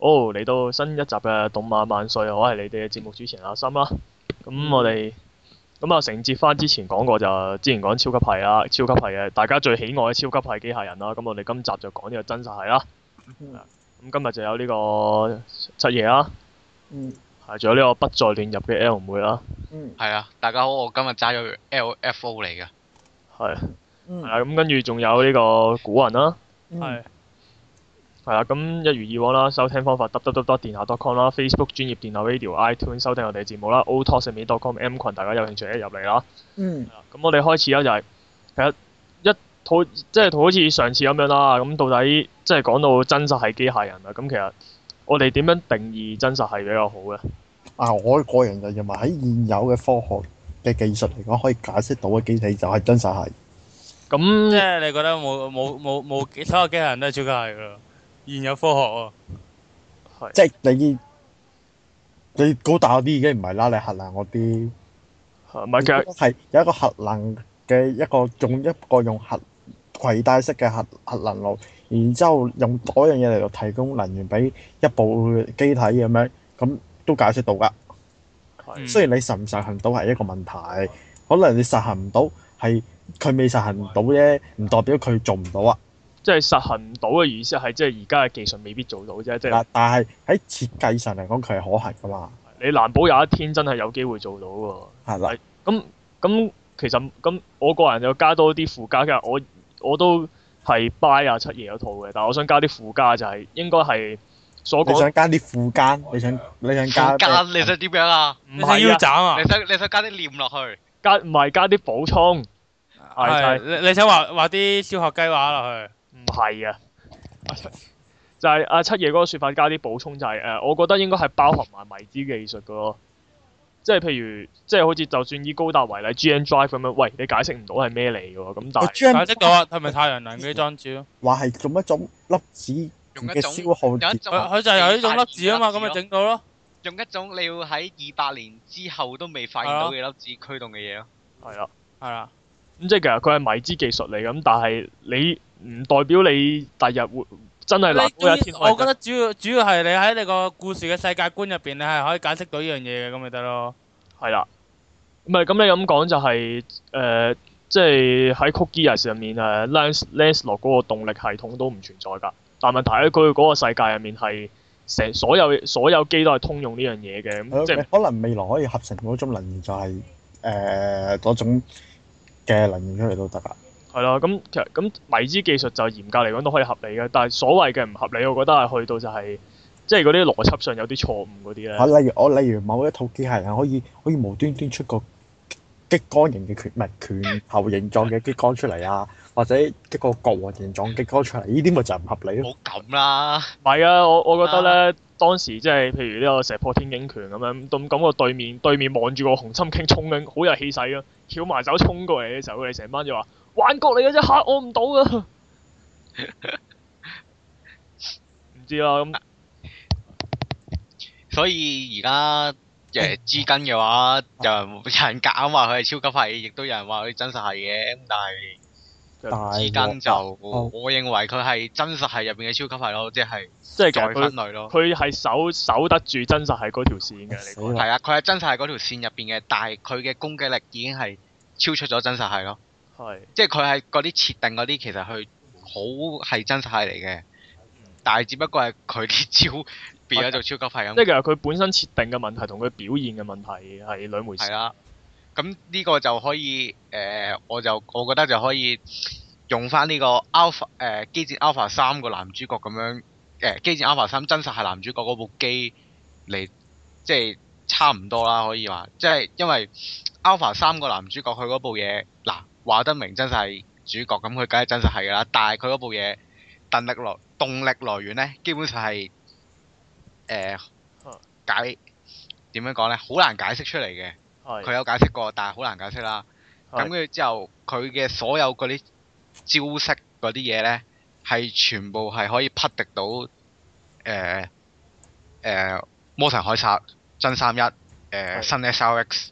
哦，嚟、oh, 到新一集嘅《動漫萬歲》，我係你哋嘅節目主持人阿心啦。咁我哋咁啊，嗯、我承接翻之前講過就，之前講超級係啦，超級係嘅大家最喜愛嘅超級係機械人啦、啊。咁我哋今集就講呢個真實係、啊、啦。咁、嗯、今日就有呢個七爺啦、啊。係、嗯，仲有呢個不再亂入嘅 L 妹啦、啊。嗯。係啊，大家好，我今日揸咗 LFO 嚟嘅。係。係啊，咁跟住仲有呢個古韻啦、啊。係、嗯。係啦，咁、啊、一如以往啦，收聽方法得得得得，o t 電腦 dotcom 啦，Facebook 專業電腦 radio，iTunes 收聽我哋節目啦 o t o s h m i c o m M 群，大家有興趣一入嚟啦。咁、嗯啊、我哋開始啦、就是，就係其實一套即係好似上次咁樣啦。咁到底即係講到真實係機械人啊？咁其實我哋點樣定義真實係比較好咧？啊，我個人就認為喺現有嘅科學嘅技術嚟講，可以解釋到嘅機器就係真實係。咁開那即係你覺得冇冇冇冇其他機械人都係超級係噶現有科學啊，即係你你高大嗰啲已經唔係啦。你核能嗰啲，唔係嘅係有一個核能嘅一，一個用一個用核攜帶式嘅核核能爐，然之後用嗰樣嘢嚟到提供能源俾一部機體咁樣，咁都解釋到噶。是雖然你實唔實行到係一個問題，是可能你實行唔到係佢未實行到啫，唔是代表佢做唔到啊。即係實行唔到嘅意思，係即係而家嘅技術未必做到啫。即係但係喺設計上嚟講，佢係可行㗎嘛？你難保有一天真係有機會做到㗎。係咪的？咁咁，其實咁，我個人就加多啲附加嘅。我我都係 buy 啊七爺嗰套嘅，但係我想加啲附加就係、是、應該係所講加啲附加，你想的你想加你想點樣啊？唔係要斬啊你？你想你想加啲料落去？加唔係加啲補充？係你想話話啲小學雞話落去？唔係啊，就係、是、阿七爺嗰個説法加啲補充就係、是、誒，我覺得應該係包含埋迷之技術噶咯，即係譬如即係好似就算以高達為例，GN Drive 咁樣，喂，你解釋唔到係咩嚟嘅喎？咁但係解釋到啊，係咪太陽能嗰啲裝置咯？話係用一種粒子嘅消耗用一種，有一種佢就係用呢種粒子啊嘛，咁咪整到咯。用一種你要喺二百年之後都未發現到嘅粒子驅動嘅嘢咯。係啊，係啊。咁即係其實佢係迷之技術嚟咁，但係你。唔代表你第日會真係攞嗰一天。我覺得主要主要係你喺你個故事嘅世界觀入邊，你係可以解釋到呢樣嘢嘅，咁咪得咯。係啦，唔係咁你咁講就係誒，即係喺《Corgiers》入面誒，Lance Lance 落嗰個動力系統都唔存在噶。但係問題喺佢嗰個世界入面係成所有所有機都係通用呢樣嘢嘅，呃、即係是可能未來可以合成嗰種能源、就是，就係誒嗰種嘅能源出嚟都得啦。係咯，咁其實咁迷之技術就嚴格嚟講都可以合理嘅，但係所謂嘅唔合理，我覺得係去到就係即係嗰啲邏輯上有啲錯誤嗰啲咧。例如我例如某一套機械人可以可以無端端出個激光型嘅拳物拳頭形狀嘅激光出嚟啊， 或者一個國王形狀激光出嚟，呢啲咪就唔合理咯。冇咁啦，唔係啊！我我覺得咧，當時即係譬如呢個石破天驚拳咁樣，都感覺對面對面，對面望住個紅心 King 衝緊，好有氣勢啊！翹埋手衝過嚟嘅時候，佢哋成班就話。幻覺你嘅啫，吓我唔到噶。唔 知啦咁。 所以而家誒朱根嘅話， 有人有人講話佢係超級系，亦都有人話佢真實系嘅。咁但係朱根就，哦、我認為佢係真實系入邊嘅超級系咯，即係再分類咯。佢係守守得住真實系嗰條線嘅，係啊，佢係、嗯、真實系嗰條線入邊嘅，但係佢嘅攻擊力已經係超出咗真實系咯。係，即係佢係嗰啲設定嗰啲，其實佢好係真實係嚟嘅，嗯、但係只不過係佢啲招變咗做超級廢咁。Okay, 即係其實佢本身設定嘅問題同佢表現嘅問題係兩回事。啦、嗯，咁呢、啊、個就可以誒、呃，我就我覺得就可以用翻呢個 Alpha 誒、呃、機戰 Alpha 三個男主角咁樣誒機、欸、戰 Alpha 三真實係男主角嗰部機嚟，即係差唔多啦，可以話，即係因為 Alpha 三個男主角佢嗰部嘢。話得明真實係主角，咁佢梗係真實係噶啦。但係佢嗰部嘢，動力來動力來源呢，基本上係誒、呃、解點樣講呢？好難解釋出嚟嘅。佢是有解釋過，但係好難解釋啦。咁跟住之後，佢嘅所有嗰啲招式嗰啲嘢呢，係全部係可以匹敵到誒誒魔神凱撒真三一誒新 SRX，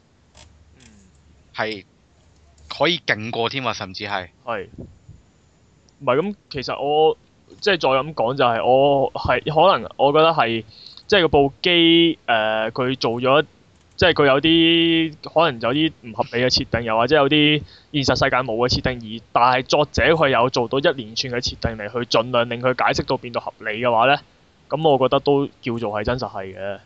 係、嗯。可以勁過添啊，甚至係係，唔係咁。其實我即係再咁講，就係，就係我係可能我覺得係即係個部機誒，佢、呃、做咗即係佢有啲可能有啲唔合理嘅設定，又或者有啲現實世界冇嘅設定。而但係作者佢有做到一連串嘅設定嚟去盡量令佢解釋到變到合理嘅話呢，咁我覺得都叫做係真實係嘅。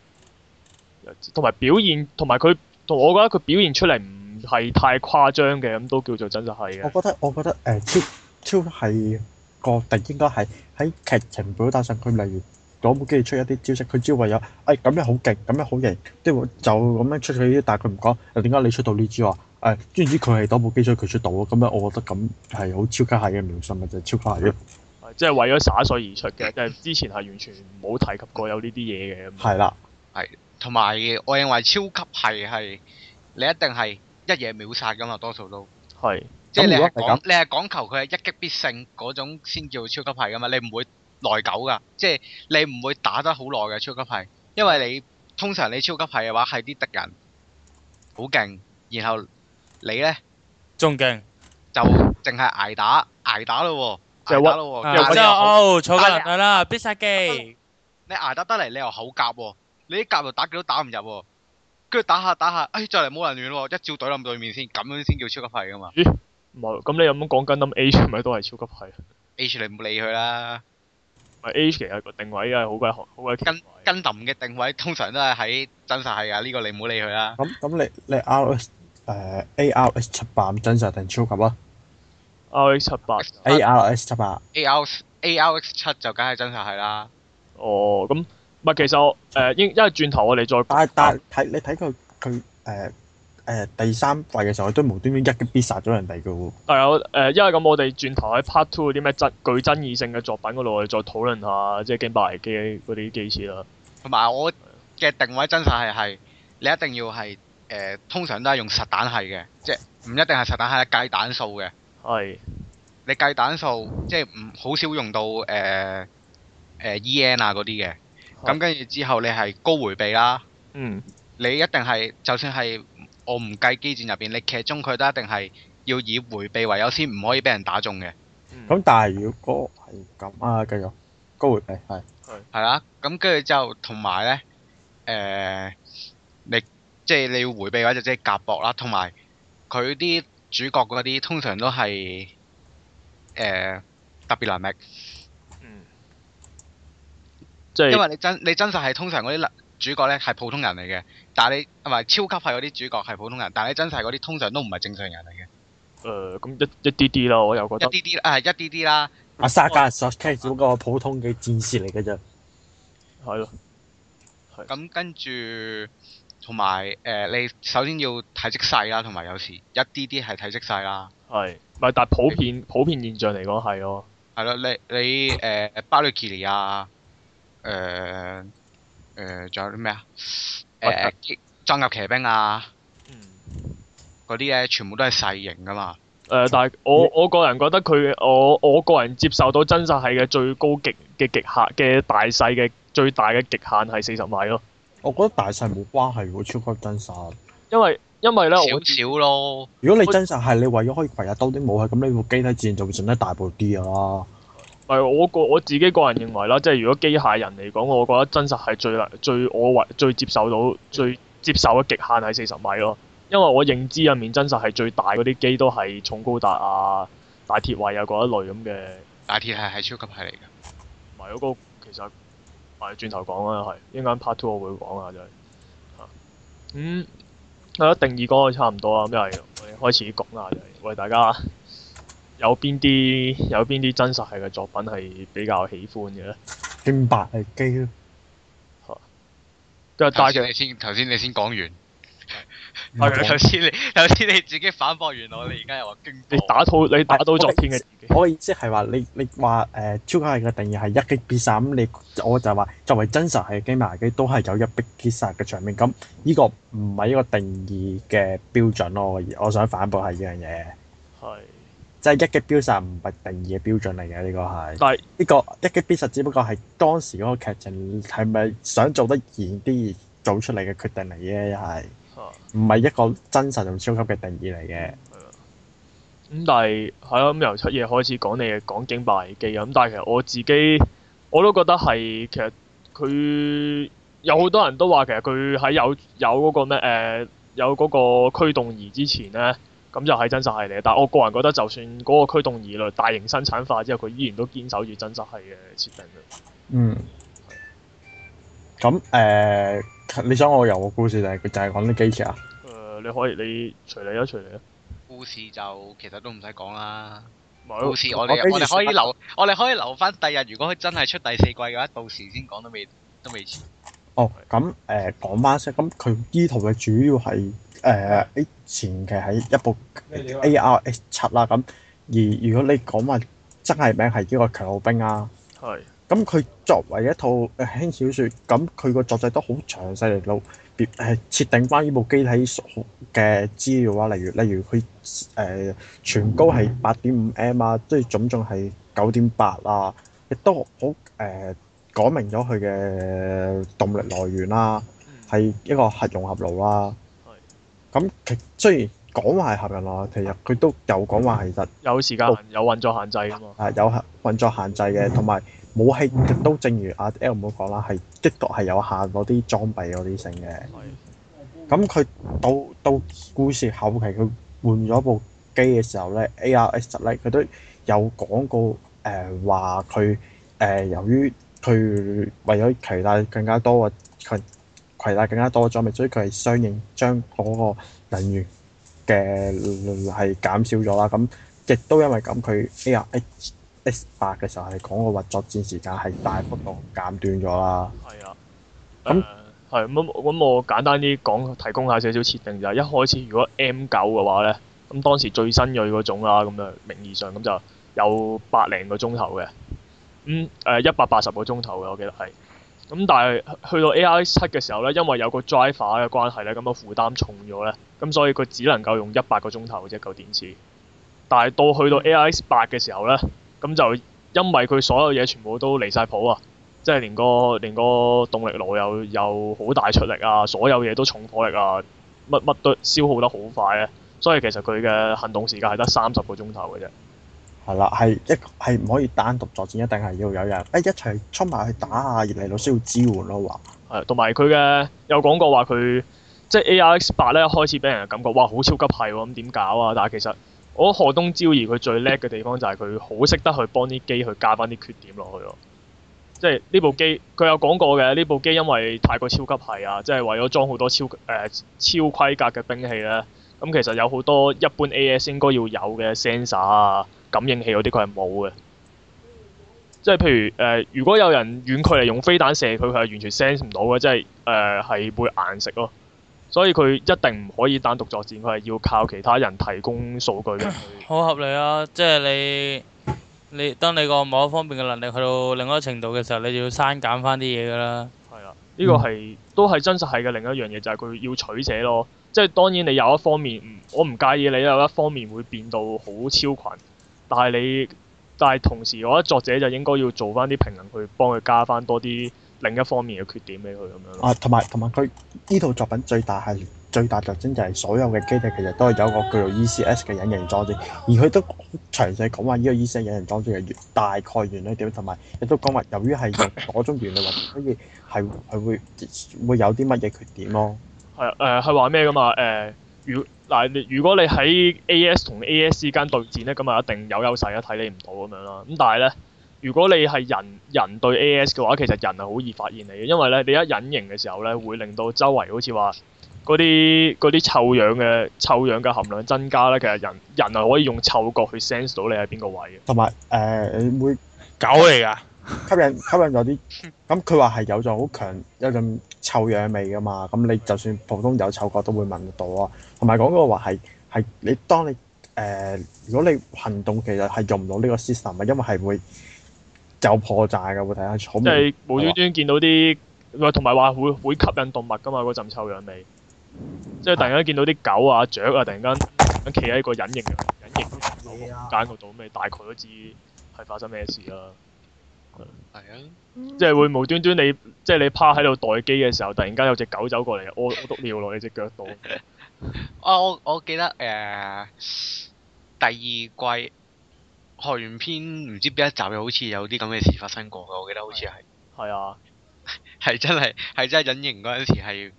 同埋表現，同埋佢同我覺得佢表現出嚟唔。係太誇張嘅，咁都叫做真實係嘅。我覺得，我覺得誒超超級係個定應該係喺劇情表達上，佢例如攞部機出一啲招式，佢只要話有誒咁樣好勁，咁樣好型，即係就咁樣出咗呢啲，但係佢唔講又點解你出到呢招啊？誒，知唔知佢係攞部機出，佢出到啊？咁樣我覺得咁係好超級係嘅描述，咪就係超級係咯。即係為咗耍水而出嘅，即係之前係完全冇提及過有呢啲嘢嘅。係啦，係同埋，我認為超級係係你一定係。一嘢秒殺咁嘛，多數都係，是即係你係講你係講求佢係一擊必勝嗰種先叫超級系噶嘛，你唔會耐久噶，即係你唔會打得好耐嘅超級系，因為你通常你超級系嘅話係啲敵人好勁，然後你咧仲勁，就淨係挨打挨打咯喎、哦，打哦、就屈咯喎，啊、哦！哦，坐緊得啦，必殺技，你挨打得嚟，你又口夾喎，你啲夾就打佢都打唔入喎。跟住打下打下，哎，再嚟冇人亂咯，一照隊冧對面先，咁樣先叫超級系噶嘛？咦，唔係，咁你有冇講緊咁 H 咪都係超級系？H 你唔好理佢啦。咪 H 其實個定位係好鬼好鬼。跟跟冧嘅定位通常都係喺真實系啊，呢個你唔好理佢啦。咁咁你你 R S 誒 A R S 七八咁真實定超級啊？A R S 七八。A R S 七八。A R A R S 七就梗係真實系啦。哦，咁。咪其實我誒因因為轉頭我哋再但但睇你睇佢佢誒誒第三季嘅時候，佢都無端端一擊必殺咗人哋㗎喎。係啊，誒、呃，因為咁我哋轉頭喺 part two 啲咩爭具爭議性嘅作品嗰度，我哋再討論下即係《驚爆危機》嗰啲機設啦。同埋我嘅定位真實係係你一定要係誒、呃，通常都係用實彈係嘅，即係唔一定係實彈係計彈數嘅。係是。你計彈數即係唔好少用到誒誒 EN 啊嗰啲嘅。呃呃呃 e 咁跟住之後，你係高迴避啦。嗯。你一定係，就算係我唔計機戰入邊，你劇中佢都一定係要以迴避為優先，唔可以俾人打中嘅。咁、嗯、但係如果係咁啊，繼續高迴避係。係。係啦，咁跟住之後，同埋咧，誒、呃，你即係你要迴避嘅話，就即係甲薄啦。同埋佢啲主角嗰啲，通常都係誒、呃、特別難擱。因為你真你真實係通常嗰啲主角咧，係普通人嚟嘅，但係你唔係超級係嗰啲主角係普通人，但係你真實嗰啲通常都唔係正常人嚟嘅。誒、呃，咁、嗯、一一啲啲咯，我又覺得一啲啲，誒、啊、一啲啲啦。阿沙、啊、加爾斯基只不過普通嘅戰士嚟嘅啫。係咯。係。咁跟住同埋誒，你首先要體積細啦，同埋有時一啲啲係體積細啦。係。唔係，但係普遍你普遍現象嚟講係咯。係咯、啊， 你你誒巴雷基亞。誒，誒、呃，仲、呃、有啲咩啊？誒、呃，裝甲騎兵啊，嗯，嗰啲咧全部都係細型噶嘛。誒、呃，但係我我個人覺得佢，我我個人接受到真實係嘅最高極嘅極限嘅大細嘅最大嘅極限係四十米咯。我覺得大細冇關係喎、啊，超級真實。因為因為咧，少少咯。我如果你真實係你為咗可以攰入兜啲武器，咁你部機體自然就會整得大部啲嘅係我個我自己個人認為啦，即係如果機械人嚟講，我覺得真實係最最我或最接受到、最接受嘅極限係四十米咯。因為我認知入面真實係最大嗰啲機都係重高達啊、大鐵位啊嗰一類咁嘅。大鐵係係超級係嚟嘅。唔係嗰個其實，誒轉頭講啦，係一陣間 part two 我會講、就係、啊，就係嚇。嗯，一、啊、定義講係差唔多啊，咁就係我哋開始講啦，就係、是、為大家。有邊啲有邊啲真實係嘅作品係比較喜歡嘅咧？《驚白》係機咯，吓，即係帶住你先，頭先你先講完，係頭先你頭先你自己反駁完我，你而家又話驚。你打到你打到昨天嘅，自己，我，我意思係話你你話誒、呃，超級係嘅定義係一擊必殺咁，你我就話作為真實係《驚白》機都係有一擊必殺嘅場面，咁呢個唔係呢個定義嘅標準咯。我我想反駁係呢樣嘢係。即係一擊必殺唔係定義嘅標準嚟嘅呢個係，但係呢個一擊必殺只不過係當時嗰個劇情係咪想做得嚴啲做出嚟嘅決定嚟嘅。一係唔係一個真實同超級嘅定義嚟嘅。咁、嗯、但係係咯，咁、嗯、由七夜開始講你嘅講《驚爆危機》咁、嗯、但係其實我自己我都覺得係其實佢有好多人都話其實佢喺有有嗰個咩誒、呃、有嗰個驅動儀之前咧。咁就係真實系列，但我個人覺得，就算嗰個驅動疑慮大型生產化之後，佢依然都堅守住真實系嘅設定，嗯。咁誒是、嗯呃，你想我由個故事定係就係、是、講啲機器啊？誒、呃，你可以，你隨你咯，隨你咯。故事就其實都唔使講啦。冇是故事我，我哋我哋可以留，我哋可以留翻第日。如果佢真係出第四季嘅話，到時先講都未都未遲。哦，咁誒、呃、講翻先，咁佢依套嘅主要係。誒誒，誒、呃、前期喺一部 A.R.S 七啦，咁而如果你講話真係名係呢、這個強弩兵啊，係，咁佢是作為一套誒輕小說，咁佢個作者都好詳細嚟到，誒、呃、設定翻呢部機體嘅資料啊，例如例如佢誒、呃、全高係八點五 M 啊，即係總重係九點八啊，亦都好誒講明咗佢嘅動力來源啦，係一個核融合爐啦。咁其實雖然講話係核能話，其實佢都有講話其實有時間有運作限制嘅嘛。係有運作限制嘅，同埋武器亦都正如阿 L 唔好講啦，係的確係有限嗰啲裝備嗰啲性嘅。係。咁佢到到故事後期佢換咗部機嘅時候咧，ARX 咧佢都有講過誒話佢誒由於佢為咗期待更加多嘅佢。係啦，更加多咗咪，所以佢係相應將嗰個人員嘅係減少咗啦。咁亦都因為咁，佢 ARX 八嘅時候係講個運作戰時間係大幅度減短咗啦。係啊，咁係咁咁，我簡單啲講，提供一下少少設定就係、是、一開始如果 M 九嘅話咧，咁當時最新鋭嗰種啦，咁樣名義上咁就有百零個鐘頭嘅，咁誒一百八十個鐘頭嘅我記得係。咁但係去到 a i 七嘅時候咧，因為有個 driver 嘅關係咧，咁個負擔重咗咧，咁所以佢只能夠用一百個鐘頭嘅啫舊電池。但係到去到 a i s 八嘅時候咧，咁就因為佢所有嘢全部都離晒譜啊，即係連個連個動力爐又又好大出力啊，所有嘢都重火力啊，乜乜都消耗得好快啊。所以其實佢嘅行動時間係得三十個鐘頭嘅啫。係啦，係一係唔可以單獨作戰，一定係要有人誒一齊出埋去打啊。越嚟越需要支援咯。喎，同埋佢嘅有講過話，佢即係 A R X 八咧，一開始俾人感覺哇，好超級係喎。咁點搞啊？但係其實我覺得賀東招二佢最叻嘅地方就係佢好識得去幫啲機去加返啲缺點落去咯。即係呢部機，佢有講過嘅呢部機，因為太過超級係啊，即係為咗裝好多超誒、呃、超規格嘅兵器咧。咁、嗯、其實有好多一般 A S 應該要有嘅 sensor 啊。感應器嗰啲佢係冇嘅，即係譬如誒、呃，如果有人遠距離用飛彈射佢，佢係完全 sense 唔到嘅，即係誒係會硬食咯。所以佢一定唔可以單獨作戰，佢係要靠其他人提供數據嘅 。好合理啊！即係你你當你個某一方面嘅能力去到另一個程度嘅時候，你就要刪減翻啲嘢㗎啦。係啊，呢、嗯、個係都係真實係嘅另一樣嘢，就係佢要取捨咯。即係當然你有一方面，我唔介意你有一方面會變到好超群。但係你，但係同時，我覺得作者就應該要做翻啲評論，去幫佢加翻多啲另一方面嘅缺點俾佢咁樣。啊，同埋同埋佢呢套作品最大係最大特徵就係所有嘅基地其實都係有個叫做 ECS 嘅隱形裝置，而佢都詳細講話呢個 ECS 隱形裝置嘅大概原理點，同埋亦都講話由於係用嗰種原理或者 所以係係會會有啲乜嘢缺點咯、啊。係誒、啊，係話咩噶嘛？誒、呃，如。嗱，如果你喺 AS 同 AS 之間對戰呢，咁啊一定有優勢啊，睇你唔到咁樣啦。咁但係呢，如果你係人人對 AS 嘅話，其實人係好易發現你嘅，因為呢，你一隱形嘅時候呢，會令到周圍好似話嗰啲嗰啲臭氧嘅臭氧嘅含量增加呢，其實人人係可以用嗅覺去 sense 到你喺邊個位嘅。同埋誒，會搞你㗎。吸引吸引咗啲，咁佢話係有咗好強，有陣臭氧味噶嘛，咁你就算普通有嗅覺都會聞到啊。同埋講嗰個話係，係你當你誒、呃，如果你行動其實用係用唔到呢個 system 啊，因為係會有破綻噶，會睇下，即係是 是吧 無端端見到啲，同埋話會會吸引動物噶嘛，嗰陣臭氧味，即係突然間見到啲狗啊，是的 啊雀啊，突然間，企喺個隱形嘅隱形房間嗰度，咁你的、啊、大概都知係發生咩事啦。係啊，嗯、即係會無端端你，即係你趴喺度待機嘅時候，突然間有隻狗走過嚟屙屙督尿落你隻腳度。啊 ，我我記得誒、呃，第二季學完篇唔知邊一集又好似有啲咁嘅事發生過噶，我記得好似係。係啊，係、啊、 真係，係真係隱形嗰陣時係。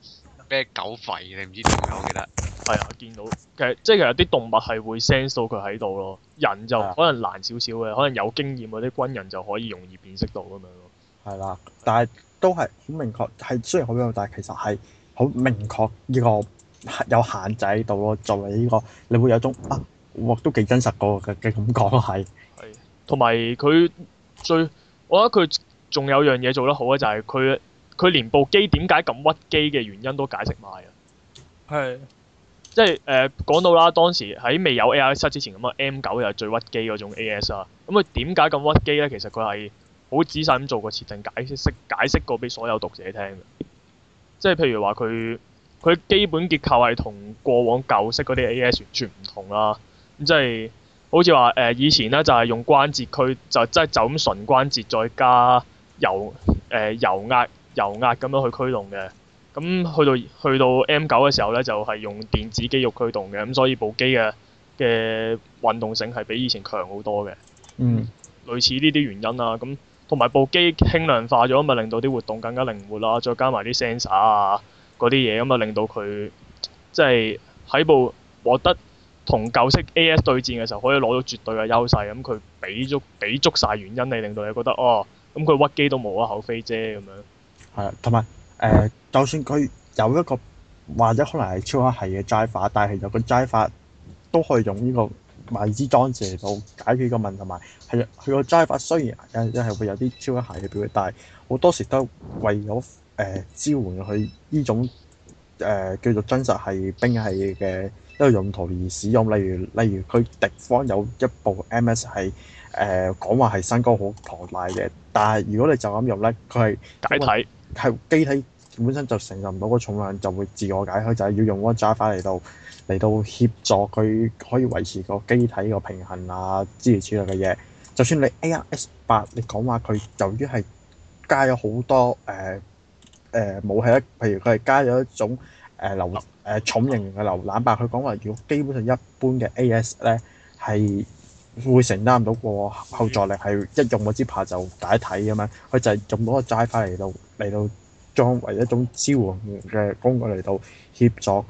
咩狗吠你唔知點解？我記得係啊，見到其實即係其實啲動物係會 sense 到佢喺度咯，人就可能難少少嘅，啊、可能有經驗嗰啲軍人就可以容易辨識到咁樣咯。係啦、啊，但係都係好明確，係雖然好逼，但係其實係好明確呢個有限制喺度咯。作為呢、呢個，你會有種啊，哇，都幾真實個嘅感覺咁講係。係，同埋佢最，我覺得佢仲有樣嘢做得好嘅就係、係、佢。佢連部機點解咁屈機嘅原因都解釋埋啊！係的即係誒、呃、講到啦，當時喺未有 AR7 之前咁啊，M 九又係最屈機嗰種 A.S 啊。咁佢點解咁屈機咧？其實佢係好仔細咁做個設定，解釋解釋過俾所有讀者聽嘅，即係譬如話佢佢基本結構係同過往舊式嗰啲 A.S 完全唔同啦、啊。咁即係好似話誒以前咧就係用關節區就即係就咁、是、純關節再加油誒、呃、油壓。油壓咁樣去驅動嘅，咁去到去到 M9 嘅時候呢，就係、是、用電子肌肉驅動嘅，咁所以部機嘅嘅運動性係比以前強好多嘅。嗯，類似呢啲原因啦、啊，咁同埋部機輕量化咗，咪令到啲活動更加靈活啦。再加埋啲 sensor 啊嗰啲嘢，咁啊令到佢即係喺部獲得同舊式 AS 對戰嘅時候，可以攞到絕對嘅優勢。咁佢俾足俾足晒原因你，令到你覺得哦，咁佢屈機都冇可厚非啫咁樣。係同埋誒，就算佢有一個或者可能係超級系嘅齋法，但係有個齋法都可以用呢個謎之裝置嚟到解決個問題。係啊，佢個齋法雖然誒係會有啲超級系嘅表現，但係好多時都為咗誒、呃、支援佢呢種誒、呃、叫做真實系兵器嘅一個用途而使用。例如例如佢敵方有一部 M.S 係誒講話係身高好龐大嘅，但係如果你就咁用咧，佢係解體。係機體本身就承受唔到個重量，就會自我解開。就係、是、要用嗰個爪翻嚟到嚟到協助佢可以維持個機體個平衡啊之類之類嘅嘢。就算你 A R S 八，你講話佢由於係加咗好多誒誒、呃呃、武器，譬如佢係加咗一種誒、呃、流誒、呃、重型嘅瀏覽板。佢講話如果基本上一般嘅 A S 咧係。會承擔到個後座力係一用嗰支炮就解體咁樣，佢就係用個到個 drive 嚟到嚟到裝為一種支援嘅工具嚟到協助誒呢、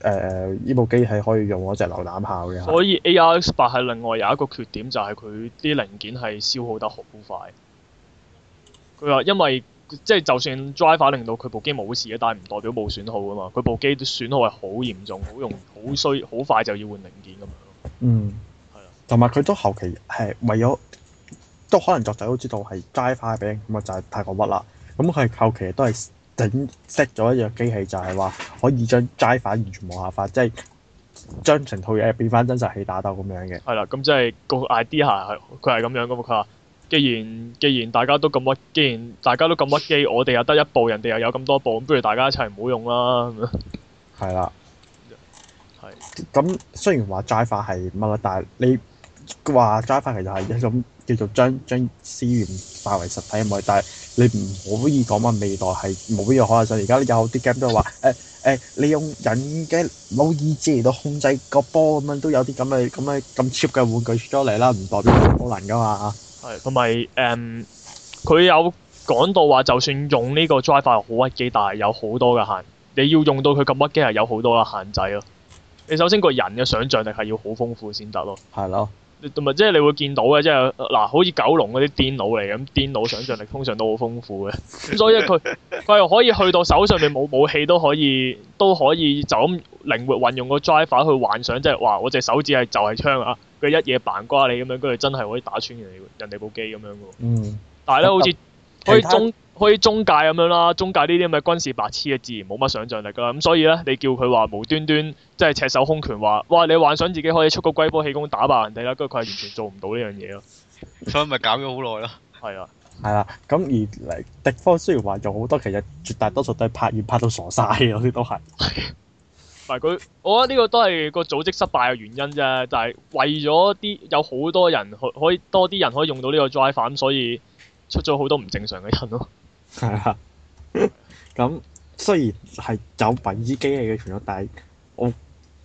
呃、部機器可以用嗰隻榴彈炮嘅。所以 A.R.X 八係另外有一個缺點，就係佢啲零件係消耗得好快。佢話因為即係、就是、就算 drive 令到佢部機冇事啊，但係唔代表冇損耗啊嘛。佢部機損耗係好嚴重，好容易好衰，好快就要換零件咁樣。嗯。同埋佢都後期係為咗，都可能作者都知道係齋化嘅，咁啊就係太過屈啦。咁佢後期都係整 set 咗一樣機器，就係、是、話可以將齋化完全冇下發，即係將成套嘢變翻真實戲打鬥咁樣嘅。係啦，咁即係個 idea 係佢係咁樣噶嘛？佢話既然既然大家都咁屈，既然大家都咁屈機，我哋又得一部，人哋又有咁多部，咁不如大家一齊唔好用啦，咁係啦，係。咁雖然話齋化係乜，但係你。佢話，drive 其實係一種叫做將將思願化為實體嘅物，但係你唔可以講話未來係冇呢個可能性。而家有啲 game 都話，誒、欸、誒、欸，你用人嘅腦意識嚟到控制個波咁樣，都有啲咁嘅咁嘅咁 cheap 嘅玩具出咗嚟啦，唔代表冇可能噶嘛嚇。係同埋誒，佢有講、嗯、到話，就算用呢個 drive 係好屈機，但係有好多嘅限制，你要用到佢咁屈機係有好多嘅限制咯。你首先個人嘅想像力係要好豐富先得咯。係咯。同埋即係你會見到嘅，即係嗱，好似九龍嗰啲電腦嚟咁，電腦想像力通常都好豐富嘅。所以佢佢又可以去到手上面，冇武器都可以，都可以就咁靈活運用個 drive 去幻想，即係話我隻手指係就係槍啊！佢一嘢扮瓜你咁樣，佢真係可以打穿人哋人哋部機咁樣嘅。嗯。但係咧，嗯、好似可以中。開啲中介咁樣啦，中介呢啲咁嘅軍事白痴嘅自然冇乜想像力噶啦，咁所以咧，你叫佢話無端端即係赤手空拳話，哇！你幻想自己可以出個龜波氣功打爆人哋啦，跟住佢係完全做唔到呢樣嘢咯。所以咪搞咗好耐咯。係啊，係啊，咁而嚟敵方雖然話有好多，其實絕大多數都係拍完拍到傻曬，有啲都係。係。佢，我覺得呢個都係個組織失敗嘅原因啫，就係、是、為咗啲有好多人可可以多啲人可以用到呢個 drive 所以出咗好多唔正常嘅人咯。係啊，咁雖然係走品依機器嘅存在，但係我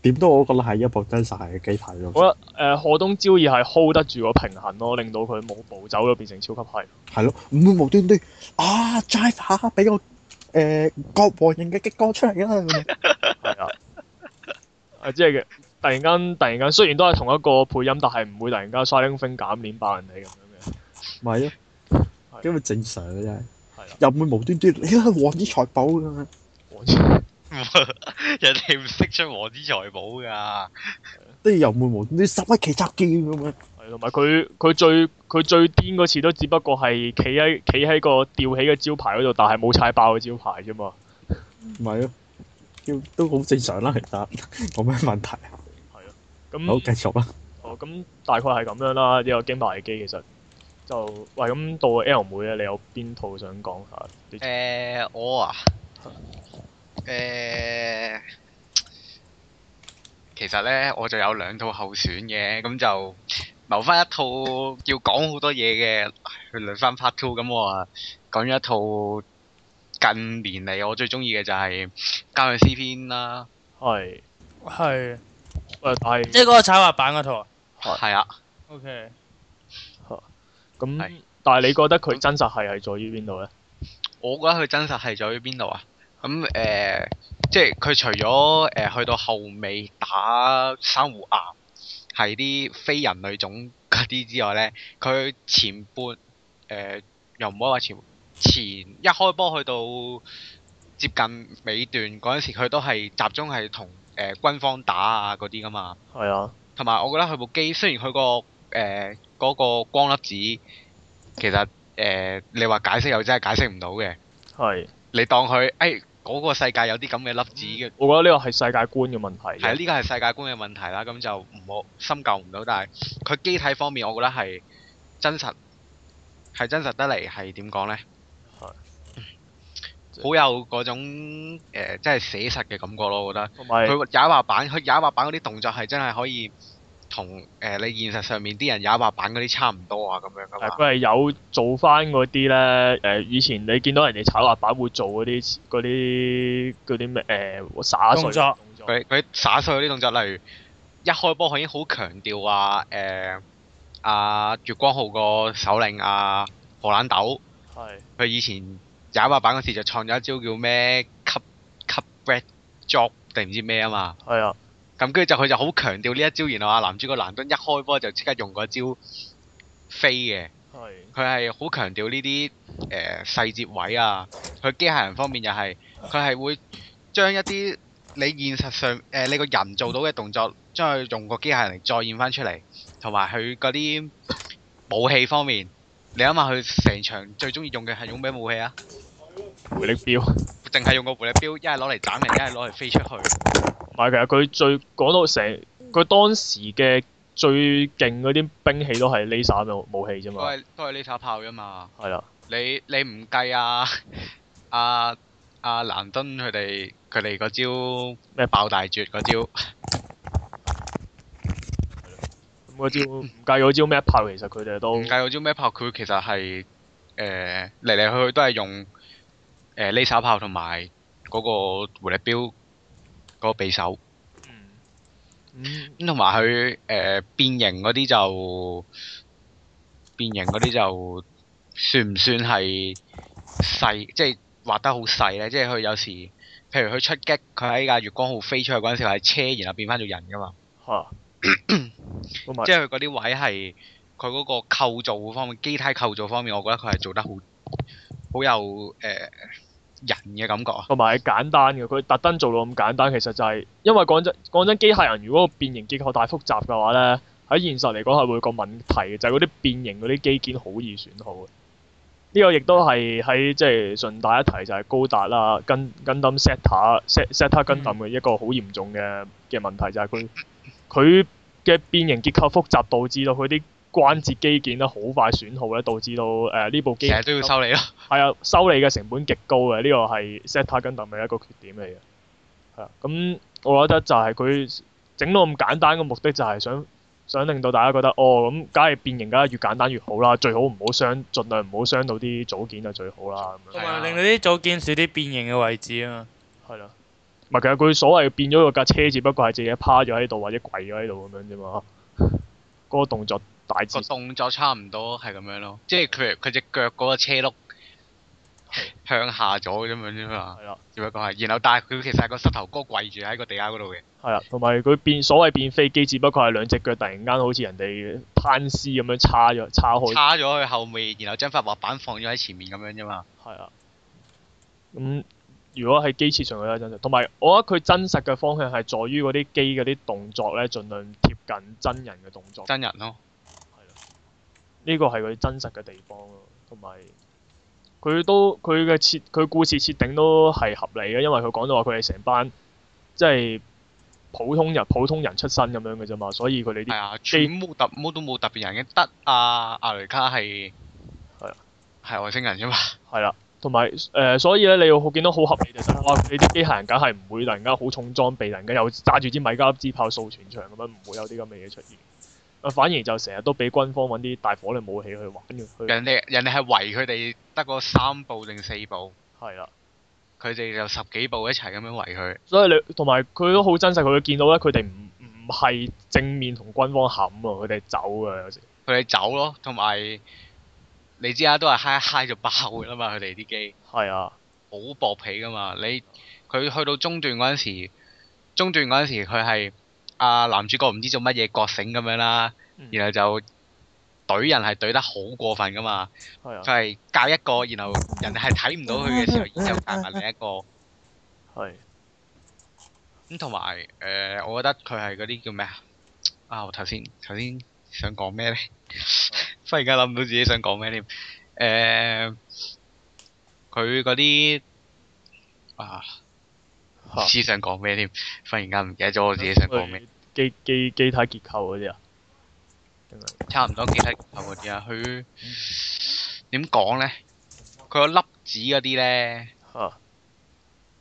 點都我覺得係一部真實係嘅機械咯。我覺得誒，賀東招二係 hold 得住個平衡咯，令到佢冇暴走咗變成超級系。係咯，唔會無端端啊 drive 嚇俾個誒國王型嘅激光出嚟啊！係啊，即真係嘅。突然間，突然間，雖然都係同一個配音，但係唔會突然間 sliding frame 減免爆人哋咁樣嘅。唔係啊，因正常嘅啫。又唔會無端端你攞啲黃金財寶噶，哎、 人哋唔識出黃金財寶噶，都的又會無端端十億奇策機咁樣。係同埋佢佢最佢最癲嗰次都只不過係企喺企喺個吊起嘅招牌嗰度，但係冇踩爆嘅招牌啫嘛。唔係啊？都都好正常啦，其實冇咩問題。係啊，咁好繼續啦。哦，咁大概係咁樣啦，呢、這個驚爆機其實。就喂，咁到 L 妹咧，你有邊套想講下？誒、呃、我啊，誒、 呃、其實咧我就有兩套候選嘅，咁就留翻一套要講好多嘢嘅去兩番 part two，咁我啊講咗一套近年嚟我最中意嘅就係《教養 C 篇》啦。係係誒係，即係嗰個踩滑板嗰套啊？係、欸那個、啊。OK。咁，但係你覺得佢真實係係在於邊度咧？我覺得佢真實係在於邊度啊？咁、嗯、誒、呃，即係佢除咗誒、呃、去到後尾打珊瑚巖，係啲非人類種嗰啲之外咧，佢前半誒、呃、又唔可以話前前一開波去到接近尾段嗰陣時，佢都係集中係同誒軍方打啊嗰啲㗎嘛。係啊。同埋我覺得佢部機雖然佢個誒，嗰、呃，那個光粒子，其實誒、呃，你話解釋又真係解釋唔到嘅。係是。你當佢，誒、哎、嗰、那個世界有啲咁嘅粒子嘅、嗯。我覺得呢個係世界觀嘅問，這個、問題。係呢個係世界觀嘅問題啦，咁就唔好深究唔到。但係佢機體方面，我覺得係真實，係真實得嚟，係點講呢？好是有嗰種，即、呃、係寫實嘅感覺咯，我覺得。佢踩滑板，佢踩滑板嗰啲動作係真係可以。同誒、呃、你現實上面啲人踩滑板嗰啲差唔多啊，咁樣噶嘛。佢係有做翻嗰啲咧，誒、呃、以前你見到人哋踩滑板會做嗰啲嗰啲嗰啲咩誒灑水，動作。佢佢灑水嗰啲動作，例如一開波，佢已經好強調話誒阿月光號個首領啊，荷蘭豆。係的。佢以前踩滑板嗰時就創咗一招叫咩吸吸 p c d drop 定唔知咩啊嘛。係啊。咁跟住就佢就好強調呢一招，然後啊男主角蘭頓一開波就即刻用嗰招飛嘅。係是。佢係好強調呢啲誒細節位啊。佢機械人方面又係，佢係會將一啲你現實上誒、呃、你個人做到嘅動作，將佢用個機械人嚟再現翻出嚟。同埋佢嗰啲武器方面，你諗下佢成場最中意用嘅係用咩武器啊？回力鏢。淨係用個回力鏢，一係攞嚟斬人，一係攞嚟飛出去。係，其實佢最講到成，佢當時嘅最勁嗰啲兵器都係鐳射嘅武器啫嘛，都係都係鐳射炮啫嘛。係啦，你你唔計啊，阿阿蘭登佢哋佢哋嗰招咩爆大絕嗰招， 招唔計嗰招咩炮，其實佢哋都唔計嗰招咩炮，佢其實係誒嚟嚟去去都係用誒鐳射、呃、炮同埋嗰個回力鏢。個匕首，嗯，同埋佢誒變形嗰啲就變形嗰啲就算唔算係細？即係畫得好細咧？即係佢有時，譬如佢出擊，佢喺架月光號飛出去嗰陣時，係車，然後變翻做人㗎嘛？嚇！即係佢嗰啲位係佢嗰個構造方面，機體構造方面，我覺得佢係做得好，好有誒。呃人嘅感覺啊，同埋簡單嘅，佢特登做到咁簡單，其實就係因為講真講真，機械人如果變形結構太複雜嘅話呢，喺現實嚟講係會個問題嘅，就係嗰啲變形嗰啲機件好易損耗。呢個亦都係喺即係順帶一提，就係高達啦、跟 Gundam Zeta、Zeta Gundam 嘅一個好嚴重嘅嘅問題就，就係佢佢嘅變形結構複雜，導致到佢啲。關節機件咧好快損耗咧，導致到誒呢、呃、部機成日都要修理咯。係啊，修理嘅成本極高嘅，呢、這個係 Zeta Gundam 嘅一個缺點嚟嘅。係啊，咁我覺得就係佢整到咁簡單嘅目的就，就係想想令到大家覺得哦，咁梗係變形，梗係越簡單越好啦，最好唔好傷，盡量唔好傷到啲組件就最好啦。咁樣同埋令到啲組件少啲變形嘅位置啊嘛。係咯的，唔係其實佢所謂變咗個架車，只不過係自己趴咗喺度或者跪咗喺度咁樣啫嘛。嗰 個動作。個動作差唔多係咁樣咯，即係佢佢隻腳嗰個車轆 向下咗咁樣啫嘛。係咯了，只不過係，然後但係佢其實係個膝頭哥跪住喺個地下嗰度嘅。係啦，同埋佢變所謂變飛機，只不過係兩隻腳突然間好似人哋攀屍咁樣叉咗叉開。叉咗去後面，然後將塊滑板放咗喺前面咁樣啫嘛。係啊。咁如果喺機設上嗰啲真，真，真實，同埋我覺得佢真實嘅方向係在於嗰啲機嗰啲動作咧，盡量貼近真人嘅動作。真人咯。呢個係佢真實嘅地方咯，同埋佢都佢嘅設佢故事設定都係合理嘅，因為佢講到話佢係成班即係普通人、普通人出身咁樣嘅啫嘛，所以佢哋啲機模、係啊、特模都冇特別人嘅，德啊阿雷卡係係係外星人啫嘛、啊，係啦，同埋誒所以咧你要見到好合理嘅，就係話啲機械人梗係唔會突然間好重裝備，突然間又揸住支米加粒子炮掃全場咁樣，唔會有啲咁嘅嘢出現。反而就成日都俾軍方揾啲大火力武器去玩去，住人哋人哋係圍佢哋得個三步定四步，係啦，佢哋就十幾步一齊咁樣圍佢。所以你同埋佢都好真實，佢會見到咧，佢哋唔唔係正面同軍方冚喎，佢哋走嘅，有時，佢哋走咯，同埋你知啊，都係嗨嗨就爆啦嘛，佢哋啲機。係是啊，好薄皮噶嘛，你佢去到中段嗰陣時，中段嗰陣時佢係。啊！男主角唔知做乜嘢覺醒咁樣啦，嗯、然後就懟人係懟得好過分噶嘛，佢係教一個，然後人係睇唔到佢嘅時候，然後教埋另一個。係是。咁同埋，誒、呃，我覺得佢係嗰啲叫咩啊？啊！我頭先頭先想講咩咧？忽然間諗唔到自己想講咩添。誒、呃，佢嗰啲啊～思、啊、想講咩添？忽然間唔記得咗我自己想講咩？機機機，機體結構嗰啲、嗯、啊，差唔多機體結構啊。佢點講咧？佢個粒子嗰啲咧，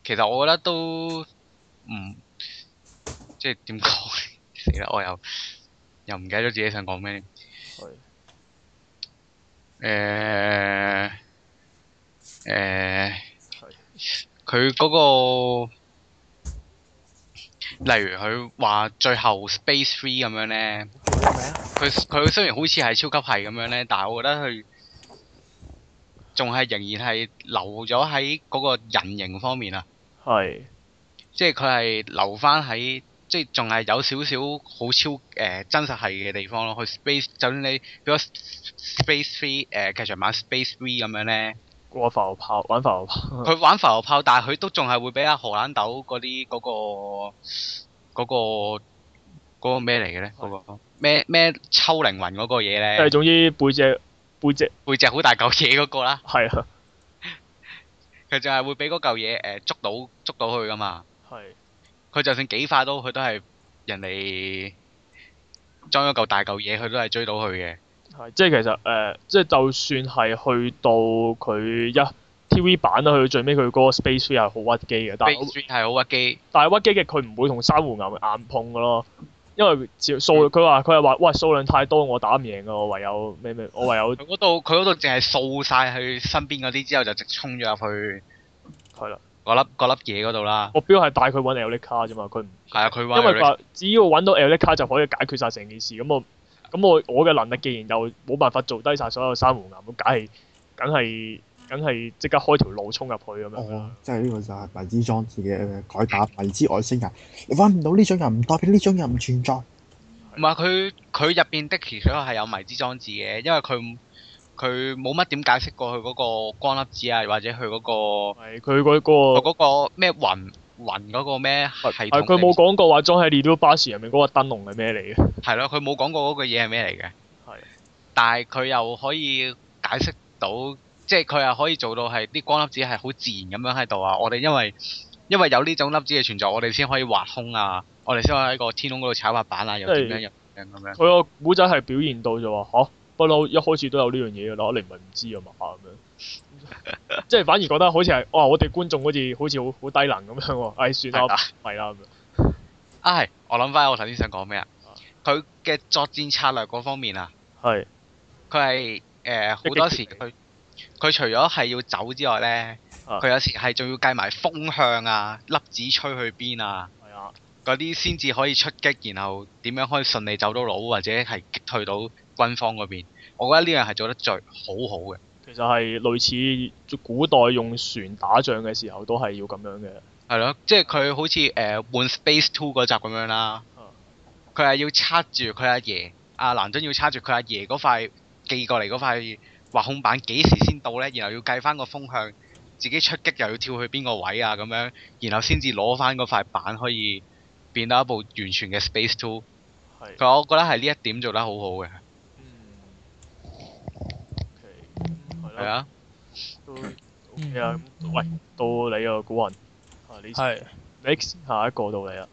其實我覺得都唔即係點講？死、就、啦、是！我又又唔記得咗自己想講咩？係。誒誒，佢嗰個。例如佢話最後 Space Three 咁樣咧，佢佢 雖然好似係超級係咁樣咧，但係我覺得佢仲係仍然係留咗喺嗰個人形方面啊。係是，即係佢係留翻喺，即係仲係有少少好超誒真實係嘅地方咯。去 Space，就算你如果 Space Three 誒、呃、劇場版 Space Three 咁樣咧。過浮炮玩浮炮，佢玩浮炮， 炮，但係佢都仲係會俾阿荷蘭豆嗰啲嗰個嗰、嗰個嗰、嗰個咩嚟嘅咧？嗰個咩咩抽靈魂嗰個嘢咧？即係、嗯、總之背脊背脊背脊好大嚿嘢嗰個啦。係啊的，佢淨係會俾嗰嚿嘢誒捉到捉到佢噶嘛？係的，佢就算幾快都，佢都係人哋裝咗嚿大嚿嘢，佢都係追到佢嘅。係，即係其實誒，即、呃、係就算係去到佢一 TV 版啦，去到最尾佢嗰個 space three 係好屈機嘅，Space 但係算係好屈機，但係屈機嘅佢唔會同珊瑚岩硬碰嘅咯，因為數佢話佢係話，喂數量太多，我打唔贏嘅，我唯有咩咩，我唯有佢嗰度佢嗰度淨係掃晒佢身邊嗰啲之後就直衝咗入去、那個，係啦了，嗰粒粒嘢嗰度啦，目標係帶佢揾嚟 Elika 啫嘛，佢唔係啊，佢因為話只要揾到 Elika 就可以解決晒成件事咁我。咁我我嘅能力既然又冇辦法做低晒所有珊瑚岩，咁梗係梗係梗係即刻開條路衝入去咁樣。係啦，即係呢個就係迷之裝置嘅改打迷、嗯、之外星人，你揾唔到呢種人，唔代表呢種人唔存在。唔係佢佢入邊的其實係有迷之裝置嘅，因為佢佢冇乜點解釋過佢嗰個光粒子啊，或者佢嗰個佢嗰個佢嗰個咩雲。雲嗰個咩係？係，佢冇講過話裝喺 Little Bus 入面嗰個燈籠係咩嚟嘅？係咯，佢冇講過嗰個嘢係咩嚟嘅。係的，但係佢又可以解釋到，即係佢又可以做到係啲光粒子係好自然咁樣喺度啊！我哋因為因為有呢種粒子嘅存在，我哋先可以滑空啊！我哋先可以喺個天空嗰度踩滑板啊！又點樣又點樣？佢個古仔係表現到咋喎？嚇、啊，不嬲一開始都有呢樣嘢㗎啦，你唔係唔知啊嘛咁樣。 即係反而覺得好似係，哇！我哋觀眾好似好似好好低能咁樣喎。哎，算啦，係啦咁。哎、啊，我諗翻我頭先想講咩啊？佢嘅作戰策略嗰方面啊，係的，佢係誒好多時佢佢除咗係要走之外咧，佢的有時係仲要計埋風向啊，粒子吹去邊啊，嗰啲先至可以出擊，然後點樣可以順利走到佬或者係擊退到軍方嗰邊。我覺得呢樣係做得最好好嘅。其實係類似古代用船打仗嘅時候都係要咁樣嘅。係咯，即係佢好似誒《換、呃、Space Two》嗰集咁樣啦。嗯。佢係要叉住佢阿爺，阿、啊、南敦要叉住佢阿爺嗰塊寄過嚟嗰塊畫控板，幾時先到呢？然後要計翻個風向，自己出擊又要跳去邊個位啊？咁樣，然後先至攞翻嗰塊板可以變到一部完全嘅 Space Two。係。佢的我覺得係呢一點做得好好嘅。係啊，O K 啊，咁喂、嗯，到你個古韻，係 x 下一個到你啦，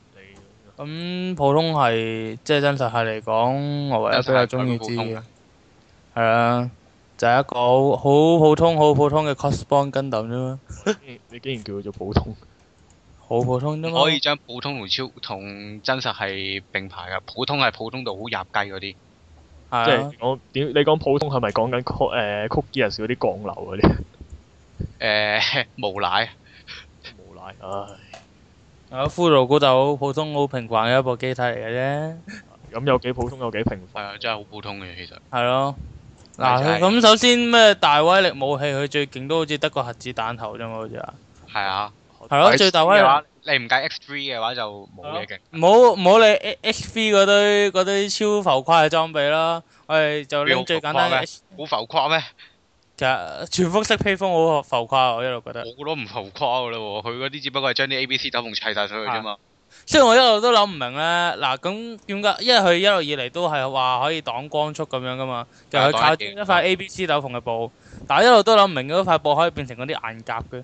咁普通係即係真實係嚟講，我唯一比較中意知嘅，係啊、嗯，就係、一個好普通好普通嘅 cospon 跟斗啫。你竟然叫佢做普通，好普通，可以將普通同超同真實係並排噶，普通係普通到好入雞嗰啲。啊、即係我點你講普通係咪講緊曲誒曲吉士嗰啲降流嗰啲誒無賴 無賴唉啊骷髏嗰度普通好平凡嘅一部機體嚟嘅啫，咁有幾普通有幾平凡，真係好普通嘅其實係咯嗱咁首先咩大威力武器佢最勁都好似得個核子彈頭啫嘛好似啊，係啊係咯、啊、最大威力。你唔計 X3 嘅話就冇嘢嘅。唔好唔好理 X3 嗰堆嗰堆超浮誇嘅裝備啦，我哋就拎最簡單嘅。好浮誇咩？就全覆式披風好浮誇，我一路覺得。我覺得唔浮誇噶啦喎，佢嗰啲只不過係將啲 A B C 斗篷砌曬上去啫嘛。雖然我一路都諗唔明咧，嗱咁點解？因為佢一路以嚟都係話可以擋光速咁樣噶嘛，就靠一塊 A B C 斗篷嘅布。但係一路都諗唔明嗰塊布可以變成嗰啲硬甲嘅。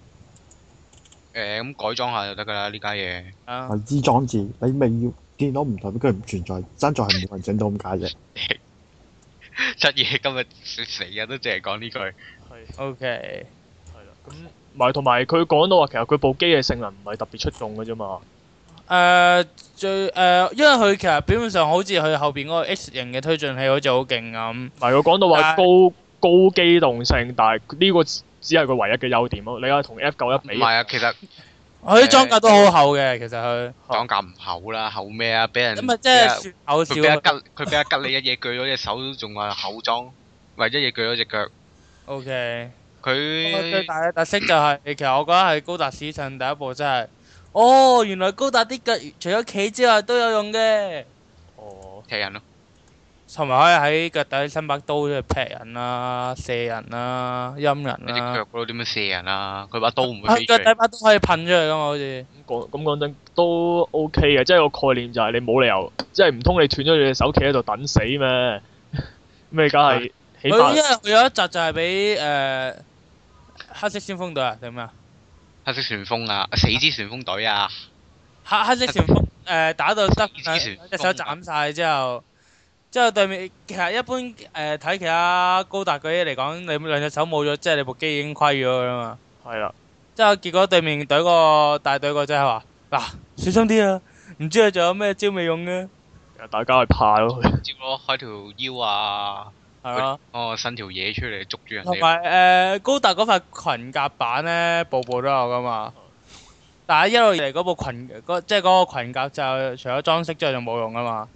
誒，咁改裝下就得噶啦呢家嘢。係支裝置，你未要見到唔同，佢唔存在，真在係冇人整到咁解嘅。出嘢今日成日都淨係講呢句。O K。係咯，咁，埋同埋佢講到話，其實佢部機嘅性能唔係特別出眾㗎啫嘛。誒，最誒，因為佢其實表面上好似佢後邊嗰個 S 型嘅推進器好似好勁咁。唔係佢講到話高高機動性，但係呢個。只係佢唯一嘅優點咯，你又同 F 九一比唔係啊？其實佢啲裝甲都好厚嘅，其實佢裝甲唔厚啦，厚咩啊？俾人咁咪即係搞笑啊！佢俾阿吉，佢俾阿吉，你一嘢攰咗隻手，仲話厚裝，或者一嘢攰咗隻腳。OK，佢最大嘅特色就係其實我覺得係高達史上第一部真係，哦，原來高達啲腳除咗企之外都有用嘅。哦，踢人咯～同埋可以喺腳底伸把刀去劈人啦、啊、射人啦、陰人啦。隻腳咯，點樣射人啊？佢、啊啊、把刀唔會飛腳底把刀可以噴出嚟噶嘛？好似咁咁講真都 OK 嘅，即係個概念就係你冇理由，即係唔通你斷咗你隻手企喺度等死咩？咩？ 梗係、啊。佢因為佢有一集就係俾誒黑色先鋒隊啊，定咩啊？黑色旋風啊，死之旋風隊啊。黑黑色旋風誒，打到得隻、啊、手斬晒、啊、之後。即係對面，其實一般誒睇、呃、其他高達嗰啲嚟講，你兩隻手冇咗，即係你部機已經虧咗噶嘛。係啦，即係結果對面懟個大懟個即係話嗱，小心啲啊，唔知佢仲有咩招未用嘅。大家去怕咯，招咯、嗯、開條腰啊，係嘛？哦，伸條嘢出嚟捉住人。同埋誒高達嗰塊裙甲板咧，部部都有噶嘛。 但係一路以嚟嗰部裙，即係嗰、嗰個裙甲就除咗裝飾之外就冇用噶嘛。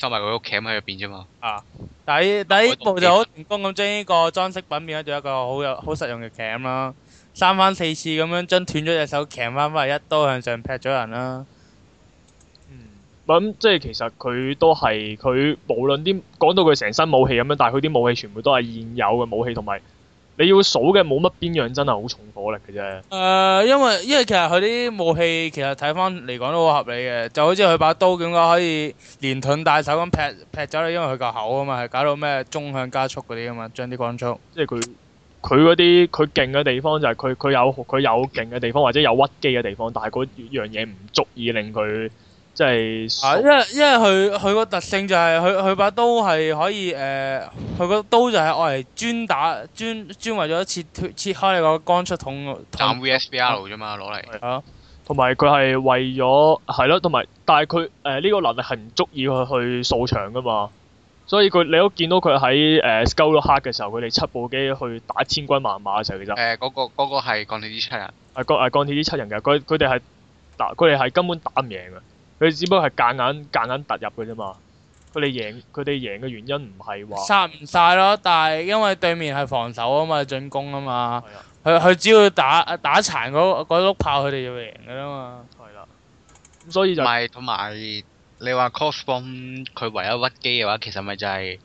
收埋佢個鉗喺入邊啫嘛，啊！第一第一步，就好成功咁將呢個裝飾品變咗做一個好有好實用嘅鉗啦，三番四次咁樣將斷咗隻手鉗翻翻嚟，一刀向上劈咗人啦，啊。咁，嗯嗯、即係其實佢都係佢無論啲講到佢成身武器咁樣，但係佢啲武器全部都係現有嘅武器同埋。你要數嘅冇乜邊樣真係好重火力嘅啫。誒，uh, 因為因為其實佢啲武器其實睇翻嚟講都好合理嘅，就好似佢把刀咁咯，可以連盾帶手咁劈劈走你，因為佢夠厚啊嘛，係搞到咩中向加速嗰啲啊嘛，將啲光速。即係佢佢嗰啲佢勁嘅地方就係佢佢有佢有勁嘅地方或者有屈機嘅地方，但係嗰樣嘢唔足以令佢。即係、就是啊、因為因為佢佢個特性就係佢佢把刀係可以誒，佢、呃、個刀就係我嚟專打專專為咗切切開你個光束筒。用 V.S.B.R. 啫嘛，攞嚟。啊，同埋佢係為咗係咯，同埋、啊、但係佢誒呢個能力係唔足以去去掃場噶嘛。所以佢你都見到佢喺誒 Skull Heart 嘅時候，佢哋七部機去打千軍萬馬嘅時候。其嗰、呃那個嗰、那個係鋼鐵之七人。係、啊、鋼係鋼鐵之七人嘅，佢哋係打佢哋係根本打唔贏嘅。佢只不過係夾硬、夾硬突入嘅啫嘛，佢哋贏佢哋贏嘅原因唔係話殺唔晒咯，但係因為對面係防守啊嘛，進攻啊嘛，佢佢了只要打打殘嗰碌、那個、炮，佢哋就贏嘅啦嘛。係啦了，咁所以就同同埋你話 cosm 佢唯一屈機嘅話，其實咪就係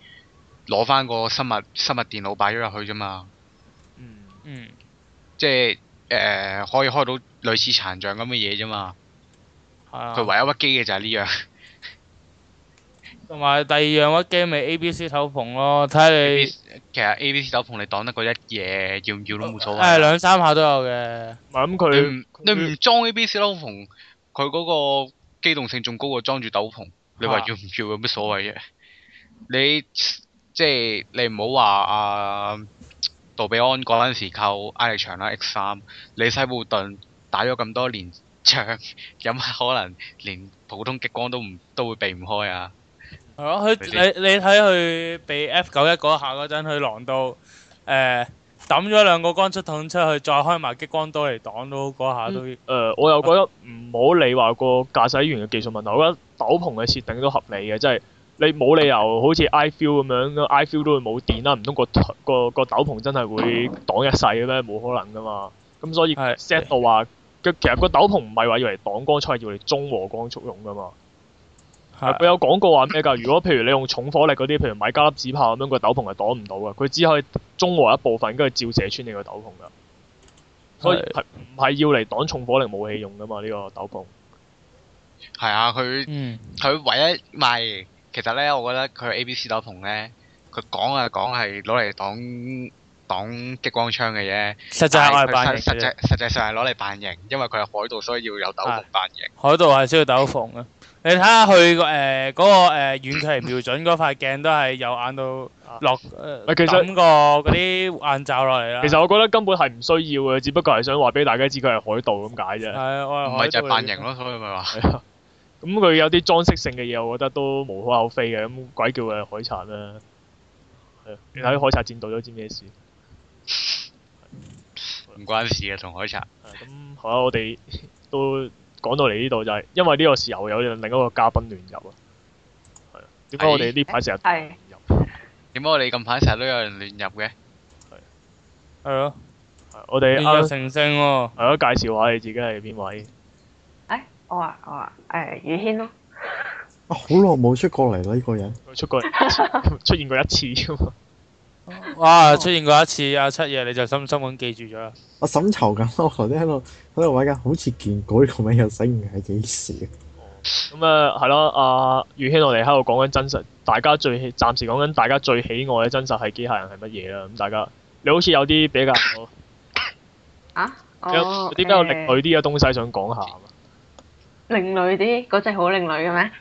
攞翻個生物生物電腦擺咗入去啫嘛。嗯嗯，嗯即係誒、呃、可以開到類似殘像咁嘅嘢啫嘛。佢、啊、唯一屈機嘅就係呢樣，同埋第二樣屈機咪 A B C 斗篷咯，睇你其實 A B C 斗篷你擋得過一嘢，要唔要都冇所謂。誒、啊哎、兩三下都有嘅。我諗佢你唔裝 A B C 斗篷，佢嗰個機動性仲高過裝住斗篷。你話要唔要有咩所謂啫、啊？你即係你唔好話啊杜比安嗰陣時靠艾力翔啦 X 三，你西部頓打咗咁多年。槍有乜可能連普通激光都唔都會避唔開啊？係咯，佢你你睇佢畀 F91 嗰下嗰陣，佢狼到誒、抌咗兩個光速桶出去，再開埋激光刀嚟擋都嗰下都誒，我又覺得唔好理話個駕駛員嘅技術問題，我覺得斗篷嘅設定都合理嘅，即係你冇理由好似 I feel 咁樣，I feel 都會冇電啦，唔通個個個斗篷真係會擋一世嘅咩？冇可能噶嘛，咁所以 set 到話。佢其實個斗篷唔係話要嚟擋光束，係要嚟中和光束用噶嘛。係。佢有講過話咩㗎？如果譬如你用重火力嗰啲，譬如米加粒子炮咁樣，個斗篷係擋唔到嘅。佢只可以中和一部分，跟住照射穿你個斗篷㗎。所以係唔係要嚟擋重火力武器用㗎嘛？呢個斗篷。係啊，佢佢唯一唔係，其實咧，我覺得佢 A B C 斗篷咧，佢講啊講係攞嚟擋。擋激光槍嘅啫，實際係攞嚟扮型嘅。實際實際上係攞嚟扮型，因為佢係海盜，所以要有斗篷扮型。海盜係需要斗篷啊！你睇下佢誒嗰個誒遠距離瞄準嗰塊鏡都係有眼到落抌個嗰啲眼罩落嚟啦。其實我覺得根本係唔需要嘅，只不過係想話俾大家知佢係海盜咁解啫。係啊，唔係就係扮型咯，所以咪話係啊。咁佢有啲裝飾性嘅嘢，我覺得都無可厚非嘅。咁鬼叫佢係海賊咧，係啊！你睇海賊戰鬥都知咩事？唔關事嘅，同海賊。咁好啦，我哋都講到嚟呢度就係、是，因為呢個時候有另一個嘉賓亂入啊。係點解我哋呢排成日？係、欸。點解 我哋近排成日都有人亂入嘅？係、嗯。係、嗯、咯。我哋阿、啊、成勝、喔，係咯、嗯，介紹下你自己係邊位、欸？我啊，我啊，誒、欸，宇軒咯。啊，好耐冇出過嚟啦，呢、這個人。 出過嚟，出現過一次啫嘛。 哇！出現過一次啊。七夜，你就深深咁記住咗啦，啊。我深仇緊，我頭先喺度喺度玩架，好似見過呢個名又醒唔係幾時。咁啊係咯，啊、嗯、雨，嗯嗯嗯嗯、希，我哋喺度講緊真實，大家最暫時講緊大家最喜愛嘅真實係機械人係乜嘢啦？咁、嗯、大家你好似有啲比較啊？哦，有，點解有另類啲嘅東西想講下？另、欸啊、類啲？嗰隻好另類嘅咩？誒、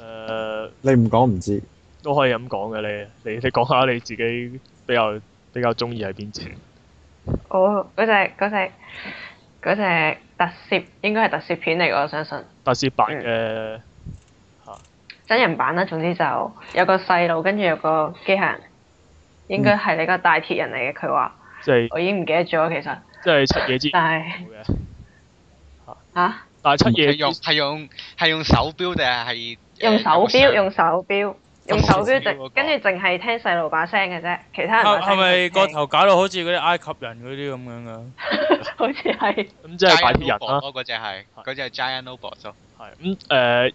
嗯，你唔講唔知，都可以咁講嘅。你你你講下你自己。比較比較中意喺邊隻？哦，嗰隻嗰隻嗰隻特攝，應該係特攝片嚟，我相信。特攝版嘅吓，嗯啊、真人版啦。總之就有個細路，跟住有個機械人，應該係你個大鐵人嚟嘅。佢話、即係、我已經唔記得咗，其實即係出嘢之，但係吓吓，但係出嘢用係用係用手錶定係係用手錶用手錶。用手錶直，跟住淨係聽細路把聲嘅啫，其他人係咪？係咪個頭搞到好似嗰啲埃及人嗰啲咁樣噶？ 好似像係是、嗯。咁即係大鐵人啦，嗰隻係，嗰隻係 Giant Robot 咯。係咁誒，咁誒、so 嗯呃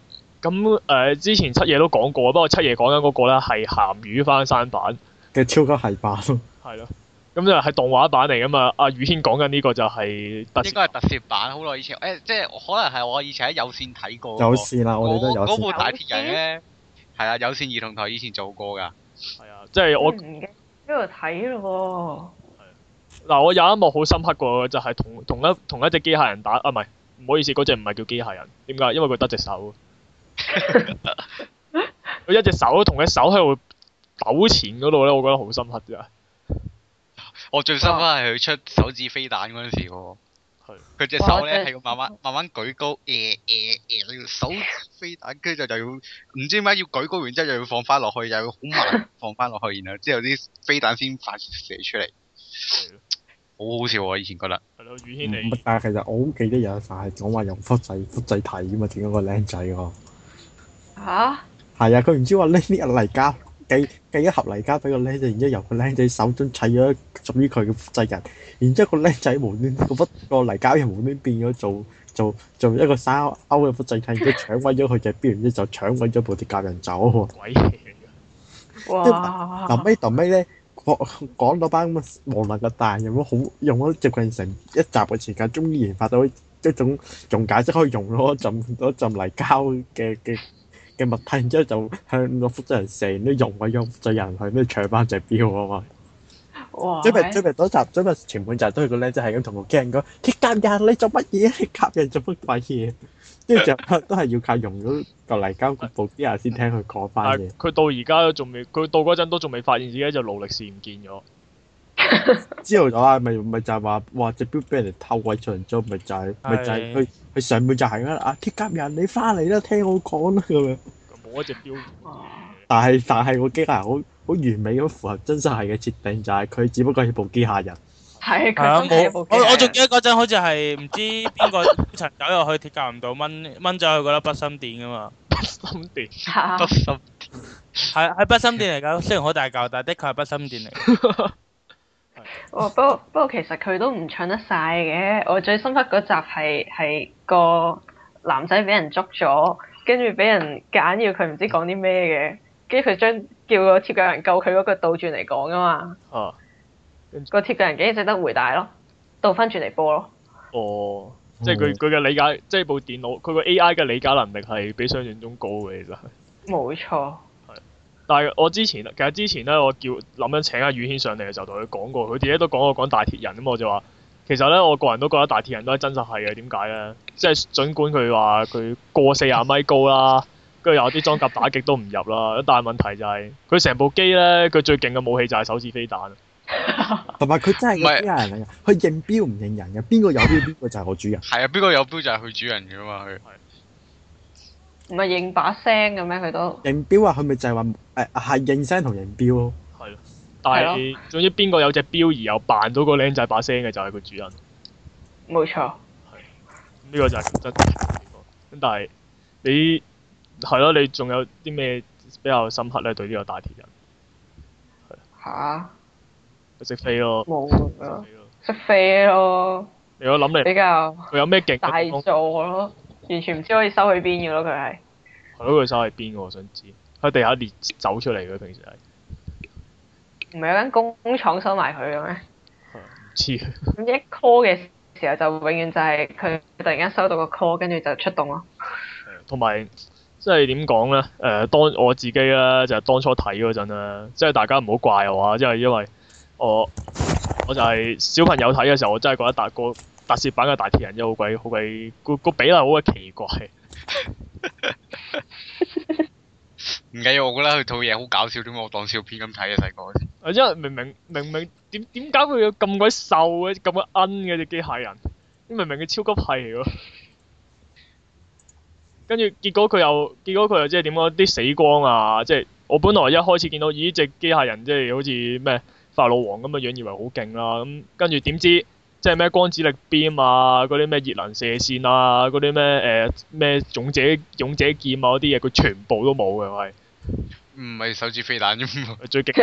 嗯呃、之前七爺都講過，不過七爺講緊嗰個咧係咸魚翻山版嘅超級係版咯。 係、嗯、咯，咁就係動畫版嚟噶嘛？阿、啊、宇軒講緊呢個就係特應該係特攝版，好耐以前誒、欸，即係可能係我以前喺有線睇過、那個。有線啦，我哋都有嗰、那個、我部大鐵人咧？嗯。係啊，有線兒童台以前做過噶。係啊，即係我一路睇咯。係。嗱，我有一幕好深刻噶，就係、是、同同一同一隻機械人打啊，唔係，唔好意思，嗰隻唔係叫機械人，點解？因為佢得隻隻手。佢 一隻手同一隻手喺度糾纏嗰度咧，我覺得好深刻啲。我最深刻係佢出手指飛彈嗰陣時喎。佢隻手咧係要慢慢慢慢舉高，誒誒誒，要手飛彈，跟住又要唔知點解要舉高，然之後又要放翻落去，又要好慢放翻落去，然後之後啲飛彈先發射出嚟，好 好笑啊！以前覺得，係咯，宇軒你，但係其實我好記得有，但係我話用福仔福仔睇嘛，點解個靚仔個？吓，係啊，佢唔、啊、知話呢啲人嚟交。計計一盒泥膠俾個僆仔，然之後由個僆仔手中砌咗屬於佢嘅複製人，然之後個僆仔無端個不個泥膠又無端變咗做做做一個沙歐嘅複製體，然之後搶鬼咗佢隻表，然之後就搶鬼咗部鐵甲人走喎。鬼嘢嚟㗎！哇！後尾後尾咧講講到班咁嘅無能嘅大人，咁好用咗接近成一集嘅時間，終於研發到一種溶解，即係可以用咗浸浸泥膠嘅嘅嘅物體，然之後就向個復製人射，啲熔咗個復製人去，咩搶翻隻錶啊嘛！哇，即係即係嗰集，即係前半集都係個靚仔係咁同我驚講，你奸你做乜嘢你夾人做乜鬼嘢？跟住就都係要靠熔咗嚿泥膠部啲人先聽佢講翻嘢。佢到而家都仲未，佢到嗰陣都仲未發現自己就勞力士唔見咗。之後啊，咪咪就話話隻標畀人哋偷鬼出長作，咪就係咪就佢，佢上半就行啦。啊，鐵甲人你翻嚟啦，聽我講啦咁樣。冇一隻標，但係但係個機械人好好完美咁符合真實係嘅設定，就係佢只不過係部機械人。係啊，我我我仲記得嗰陣好似係唔知邊個陳走入去鐵甲唔到，掹掹咗去嗰粒筆芯電噶嘛。筆芯電，筆芯。係喺筆芯電嚟噶，雖然好大舊，但係的確係筆芯電嚟。哦，不過不過其實佢都唔唱得晒嘅。我最深刻嗰集係係個男仔俾人捉咗，跟住俾人夾硬要佢唔知講啲咩嘅，跟住佢將叫個貼腳人救佢嗰句倒轉嚟講啊嘛。哦、啊。個貼腳人竟然識得回帶咯，倒翻轉嚟播咯。哦，即係佢佢嘅理解，即係部電腦佢個 A I 嘅理解能力係比想象中高嘅，其實。冇錯。但係我之前，其實之前咧，我叫諗緊請阿宇軒上嚟嘅時候，同佢講過，佢自己都講過講大鐵人咁，我就話其實咧，我個人都覺得大鐵人都係真實係嘅，點解咧？即係儘管佢話佢過四十米高啦，跟住有啲裝甲打極都唔入啦，但係問題就係佢成部機咧，佢最勁嘅武器就係手指飛彈。同埋佢真係機械人嚟噶，佢認標唔認人嘅，邊個有標邊個就係我主人。係啊，邊個有標就係佢主人噶嘛，佢。唔係認把聲嘅咩？佢都認標啊！佢咪就係話誒係認聲同認標咯、啊。係咯，但係總之邊個有隻標而又扮到個靚仔把聲嘅就係、是、個主人。冇錯。係。呢個就係質素嘅。咁但係你係咯？你仲有啲咩比較深刻咧？對呢個大鐵人係嚇識飛咯，識了飛咯。嚟我諗你比較佢有咩勁大做？咯、啊？啊。完全唔知可以收去邊嘅咯，佢係。係咯，佢收去邊我想知。喺地下裂走出嚟嘅，平時係。唔係有間工廠收埋佢嘅咩？唔、啊、知。咁 一 call 嘅時候就永遠就係佢突然間收到個 call，跟住就出動咯。同埋即係點講呢？誒、呃，當我自己咧就係、當初睇嗰陣咧，即、就、係、是、大家唔好怪我，啊，即、就、係、是、因為我我就係小朋友睇嘅時候，我真係覺得達哥。特攝版嘅大鐵人真係好鬼好鬼，個個比例好鬼奇怪，唔緊要，我覺得佢套嘢好搞笑，點解我當笑片咁睇啊？細個，因為明明明明點點解會有咁鬼瘦嘅咁鬼奀嘅隻機械人？明明佢超級肥喎，跟住結果佢又結果佢又即係點講？啲死光啊！即係我本來一開始見到，咦，隻機械人即係好似咩法老王咁嘅樣，以為好勁啦，咁跟住點知？即係咩光子力 beam 啊，嗰啲咩熱能射線啊，嗰啲咩誒咩勇者勇者劍啊，嗰啲嘢，佢全部都冇嘅，係。唔係手指飛彈啫嘛，最最激。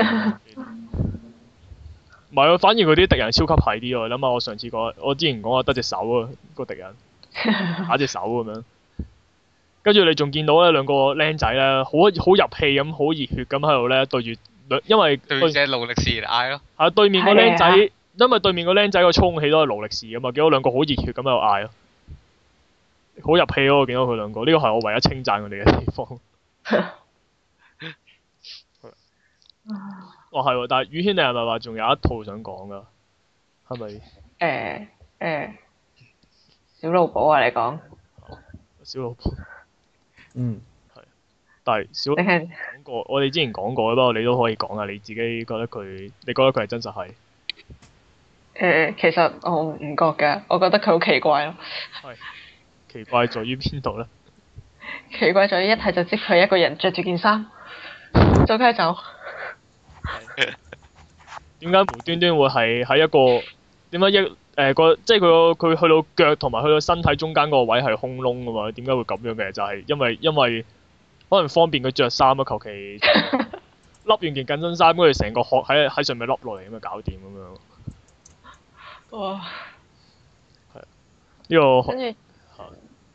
唔係啊，反而嗰啲敵人超級矮啲啊！諗下我上次講，我之前講啊，得隻手啊，個敵人，打隻手咁樣。跟住你仲見到咧兩個僆仔咧，好好入戲咁，好熱血咁喺度咧對住，因為對住隻勞力士嗌咯。係啊，對面個僆仔。 因為對面個僆仔個充氣都係勞力士啊嘛，見到兩個好熱血咁喺度嗌咯，好入戲咯、啊。我見到佢兩個呢個係我唯一稱讚佢哋嘅地方。 哦，係喎，但係宇軒，你係咪話仲有一套想講噶？係咪？誒誒、欸欸，小老婆啊，你講、哦。小老婆？ 嗯，係。但係小講過是，我哋之前講過，不過你都可以講啊。你自己覺得佢，你覺得佢係真實係？誒、呃，其實我唔覺㗎，我覺得佢好奇怪咯。係，奇怪在於邊度咧？奇怪在於一睇就知佢一個人着住件衫，周街 走。點解無端端會係喺一個？點解一誒個即係佢個佢去到腳同埋去到身體中間嗰個位係空窿㗎嘛？點解會咁樣嘅？就係、是、因為因為可能方便佢着衫啊，求其笠完件緊身衫，跟住成個殼喺喺上面笠落嚟咁就搞掂咁樣。哇！係呢個，跟住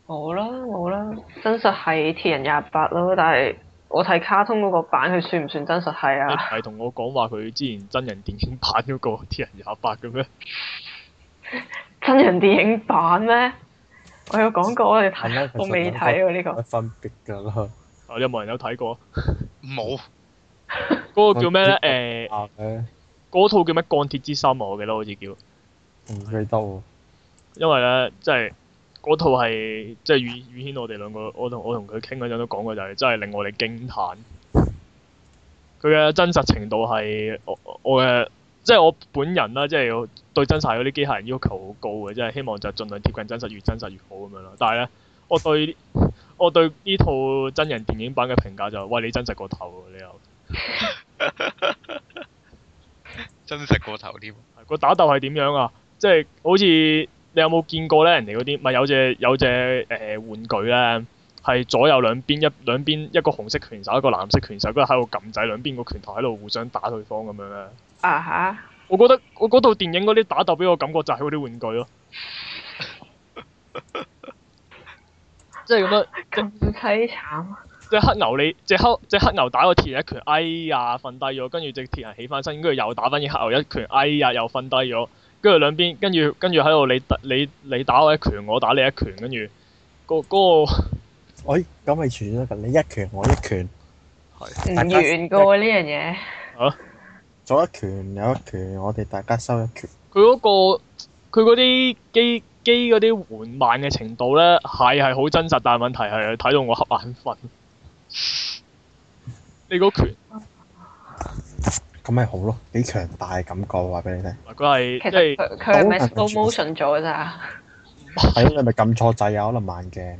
冇啦，冇啦。真實係鐵人廿八咯，但係我睇卡通嗰個版，佢算唔算真實係啊、嗯？係同我講話佢之前真人電影版嗰、那個鐵人廿八嘅咩？真人電影版咩？我有講過我哋睇，我未睇喎呢個分別㗎。有冇、哦、人有睇過？冇嗰、 那個叫咩咧？誒嗰套叫咩？鋼、啊、鐵之心，我記得好似、那個、叫。唔記得喎，因為呢，即係嗰套係即係宇宇軒我哋兩個，我同我同佢傾嗰陣都講過，就係、是、真係令我哋驚歎。佢嘅真實程度係我我嘅，即係我本人啦，即係對真實嗰啲機械人要求好高嘅，即係希望就儘量貼近真實，越真實越好咁樣咯。但係呢，我對我對呢套真人電影版嘅評價就係，喂，你真實過頭喎，你又 真實過頭添。 頭個打鬥係點樣啊？即係好似你有冇見過咧？人哋嗰啲咪有隻有隻誒、呃、玩具咧，係左右兩邊一兩邊一個紅色拳手一個藍色拳手，跟住喺度撳掣，兩邊個拳頭喺度互相打對方咁樣咧。啊哈、uh！Huh. 我覺得我嗰套電影嗰啲打鬥俾我感覺就係嗰啲玩具咯 。即係咁樣。即係。隻黑牛你隻黑隻黑牛打個鐵人一拳，哎呀，瞓低咗，跟住隻鐵人起翻身，跟住又打翻隻黑牛一拳，哎呀，又瞓低咗。跟住兩邊，跟住跟住喺度，你打你你打我一拳，我打你一拳，跟住嗰嗰個，哎咁咪完咗噶？你一拳我一拳，係唔完噶呢樣嘢啊！一拳左一拳右一拳，我哋大家收一拳。佢嗰個佢嗰啲機機嗰啲緩慢嘅程度呢，係係好真實，但係問題係睇到我合眼瞓。 你嗰拳。 咁咪好咯，幾強大嘅感覺，話俾你聽。佢係其實佢佢係咪 promotion 咗咋？係啊為，你咪撳錯掣啊！可能慢鏡。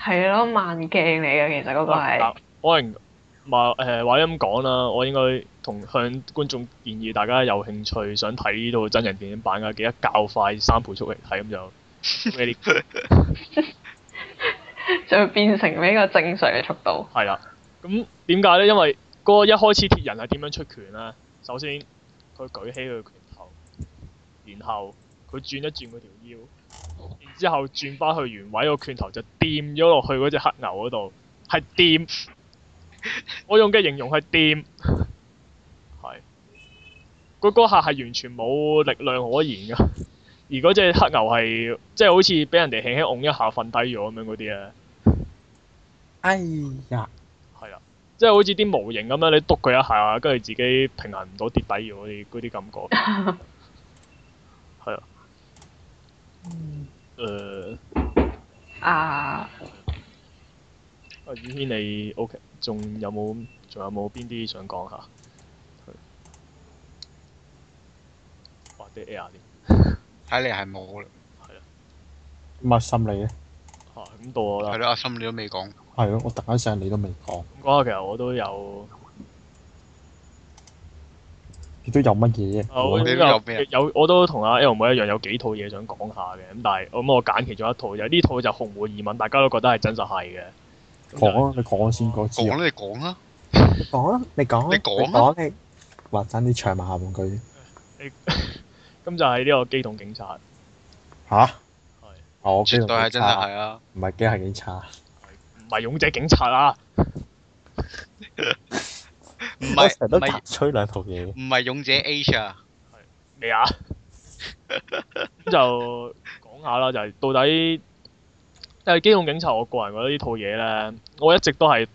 係咯， 慢鏡嚟嘅，其實嗰個係、啊。可能、啊、話誒咁講啦，我應該同向觀眾建議，大家有興趣想睇呢套真人電影版嘅，記得較快三倍速嚟睇咁就。就 變成呢個正常嘅速度。係啦。咁點解咧？因為嗰一開始鐵人係點樣出拳啊？首先，佢舉起佢拳頭，然後佢轉一轉佢條腰，然之後轉翻去原位，個拳頭就掂咗落去嗰隻黑牛嗰度，係掂。 我用嘅形容係掂，係。 嗰個下係完全冇力量可言噶，而嗰隻黑牛係即係好似俾人哋輕輕擁一下瞓低咗咁樣嗰啲啊。哎呀！即係好似啲模型咁樣，你督佢一下，跟住自己平衡唔到跌底咗嗰啲感覺。係啊。嗯。誒、啊啊。啊。阿婉軒，你 OK？仲有冇？仲有冇邊啲想講下？或者 Air 啲。睇嚟係冇啦。係啊。咁阿心你咧？嚇！咁到我啦。係咯，阿心你都未講。係咯，我突一聲你都未講。唔啩、嗯，其實我都有，亦都有乜嘢？哦、有，有，我都同阿 a a r o 一樣，有幾套嘢想講下嘅。咁但係，咁、嗯、我揀其中一套，有、就、呢、是、套就毫無疑問，大家都覺得係真實係嘅。講、嗯、啊，就是、你講先，我知。講啦，你講啦。講啊， 你講。你講啊。講你。話真啲，長埋下半句。你，咁 就係呢個機動警察。吓、啊？係的、哦。我絕對係真係係啊！唔係機械警察。嗯唔係勇者警察啊 是，唔係唔係吹兩套嘢。唔係勇者 Asia 咩 啊？咁 就講下啦，就係、是、到底因為《機動警察》我。我個人覺得呢套嘢咧，我一直都係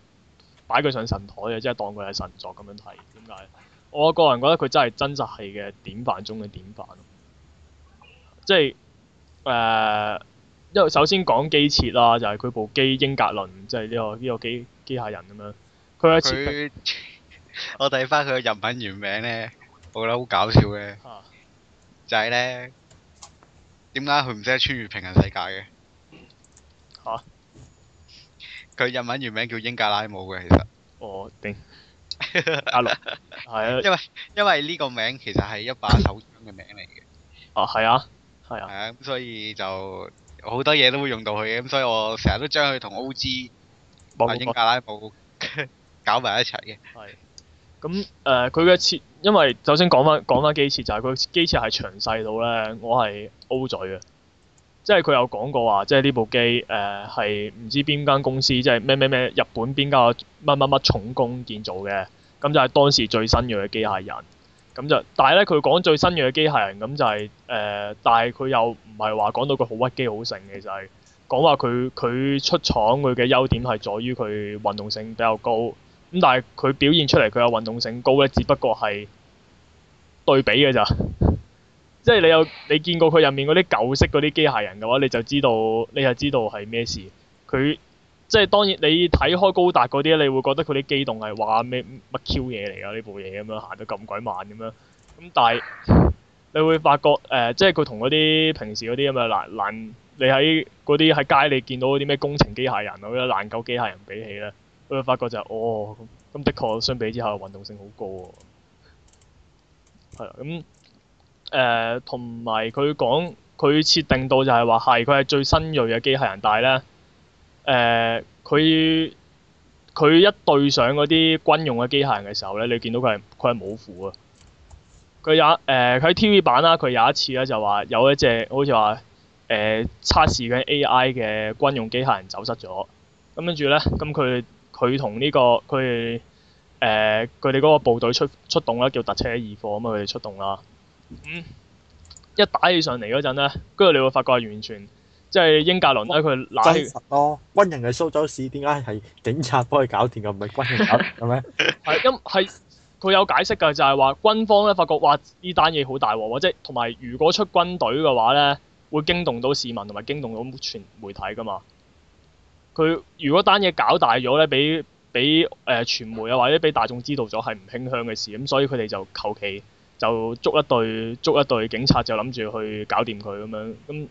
擺佢上神台嘅，即係當佢係神作咁樣睇。點、呃、解？我個人覺得佢真係真實係嘅典範中嘅典範，即係誒。因為首先講機設啦，就係佢部機英格蘭，即係呢個呢、這個機機械人咁樣。佢它 我睇翻佢嘅日文原名咧，我覺得好搞笑嘅。啊、就係咧，點解佢唔識得穿越平行世界嘅？吓、啊？佢日文原名叫英格拉姆嘅，其實。我頂阿六。係啊。因為因為呢個名其實係一把手槍嘅名嚟嘅。哦，係啊。係啊。係啊,啊,啊，所以就。好多嘢都會用到佢嘅，咁所以我成日都將佢同 O.G. 亞英格拉布 搞埋一齊嘅。係咁誒，佢嘅設，因為首先講翻講翻機設，就係、是、佢機設係詳細到咧，我係 O 嘴嘅，即係佢有講過話，即係呢部機誒係唔知邊間公司，即係咩咩咩日本邊間乜乜乜重工建造嘅，咁就係當時最新嘅機械人。咁就，但係咧佢講最新嘅機械人，咁就係、是、誒、呃，但係佢又唔係話講到佢好屈機好成嘅，就係講話佢佢出廠佢嘅優點係在於佢運動性比較高。咁但係佢表現出嚟佢有運動性高咧，只不過係對比嘅咋，即、就、係、是、你有你見過佢入面嗰啲舊式嗰啲機械人嘅話，你就知道你就知道係咩事。佢。即係當然，你睇開高達嗰啲你會覺得佢啲機動係話咩乜 Q 嘢嚟啊？呢部嘢咁樣行得咁鬼慢咁樣，咁但係你會發覺誒、呃，即係佢同嗰啲平時嗰啲咁啊爛爛，你喺嗰啲喺街你見到嗰啲咩工程機械人啊、難救機械人比起呢，佢會發覺就係、是、哦咁，的確相比之下運動性好高喎、哦。係啊，咁誒同埋佢講佢設定到就係話係佢係最新鋭嘅機械人但係呢。誒佢佢一對上嗰啲軍用嘅機械人嘅時候咧，你見到佢係佢係冇符啊！佢有誒，佢、呃、喺 TV 版啦，佢有一次咧就話有一隻好似話誒測試緊嘅 AI 嘅軍用機械人走失咗。咁跟住咧，咁佢佢同呢個佢誒佢哋嗰個部隊出出動啦，叫特車二課啊嘛，佢哋出動啦。咁、嗯、一打起上嚟嗰陣咧，跟住你會發覺係完全。即係英格倫咧，佢懶實咯、哦。軍人嘅蘇州市點解係警察幫佢搞掂嘅？唔係軍人搞嘅咩？係 因係佢有解釋嘅，就係話軍方咧發覺哇，呢單嘢好大鑊，即係同埋如果出軍隊嘅話咧，會驚動到市民同埋驚動到全媒體噶嘛。佢如果單嘢搞大咗咧，俾俾誒傳媒、啊、或者俾大眾知道咗係唔輕香嘅事，咁、嗯、所以佢哋就求其就捉一隊捉一隊警察，就諗住去搞掂佢咁樣咁。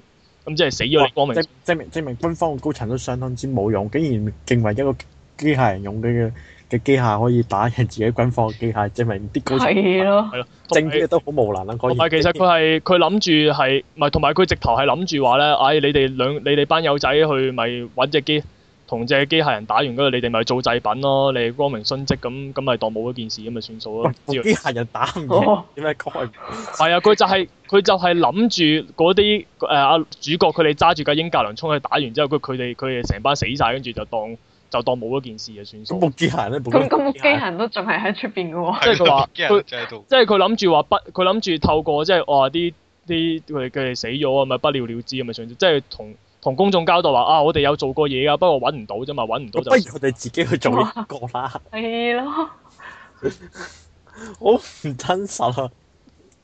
咁即係死咗力光明，證明證明證明軍方嘅高層都相當之冇用，竟然竟為一個機械人用嘅嘅機械可以打贏自己軍方嘅機械，證明啲高層係咯，正嘅都好無能啦。唔係，其實佢係佢諗住係，唔係同埋佢直頭係諗住話咧，唉、哎，你哋兩你哋班友仔去咪揾隻機。同隻機械人打完嗰度，你哋咪做祭品咯，你光明殉職咁咁咪當冇嗰件事咁咪算數咯。機械人打唔贏，點解、哦？係啊，佢 就係、是、佢就係諗住嗰啲誒阿主角佢哋揸住架英格蘭衝去打完之後，佢佢哋佢哋成班死晒，跟住就當就當冇嗰件事就算數咯。咁機械都咁個機械人都仲係喺出邊嘅喎。即係佢就即係佢諗住話不，佢諗住透過即係話啲啲佢佢哋死咗啊，咪不了了之啊，咪算即係同。同公眾交代話啊，我哋有做過嘢㗎，不過揾唔到啫嘛，揾唔到就不如我哋自己去做呢個啦。係咯， 好唔真實啊！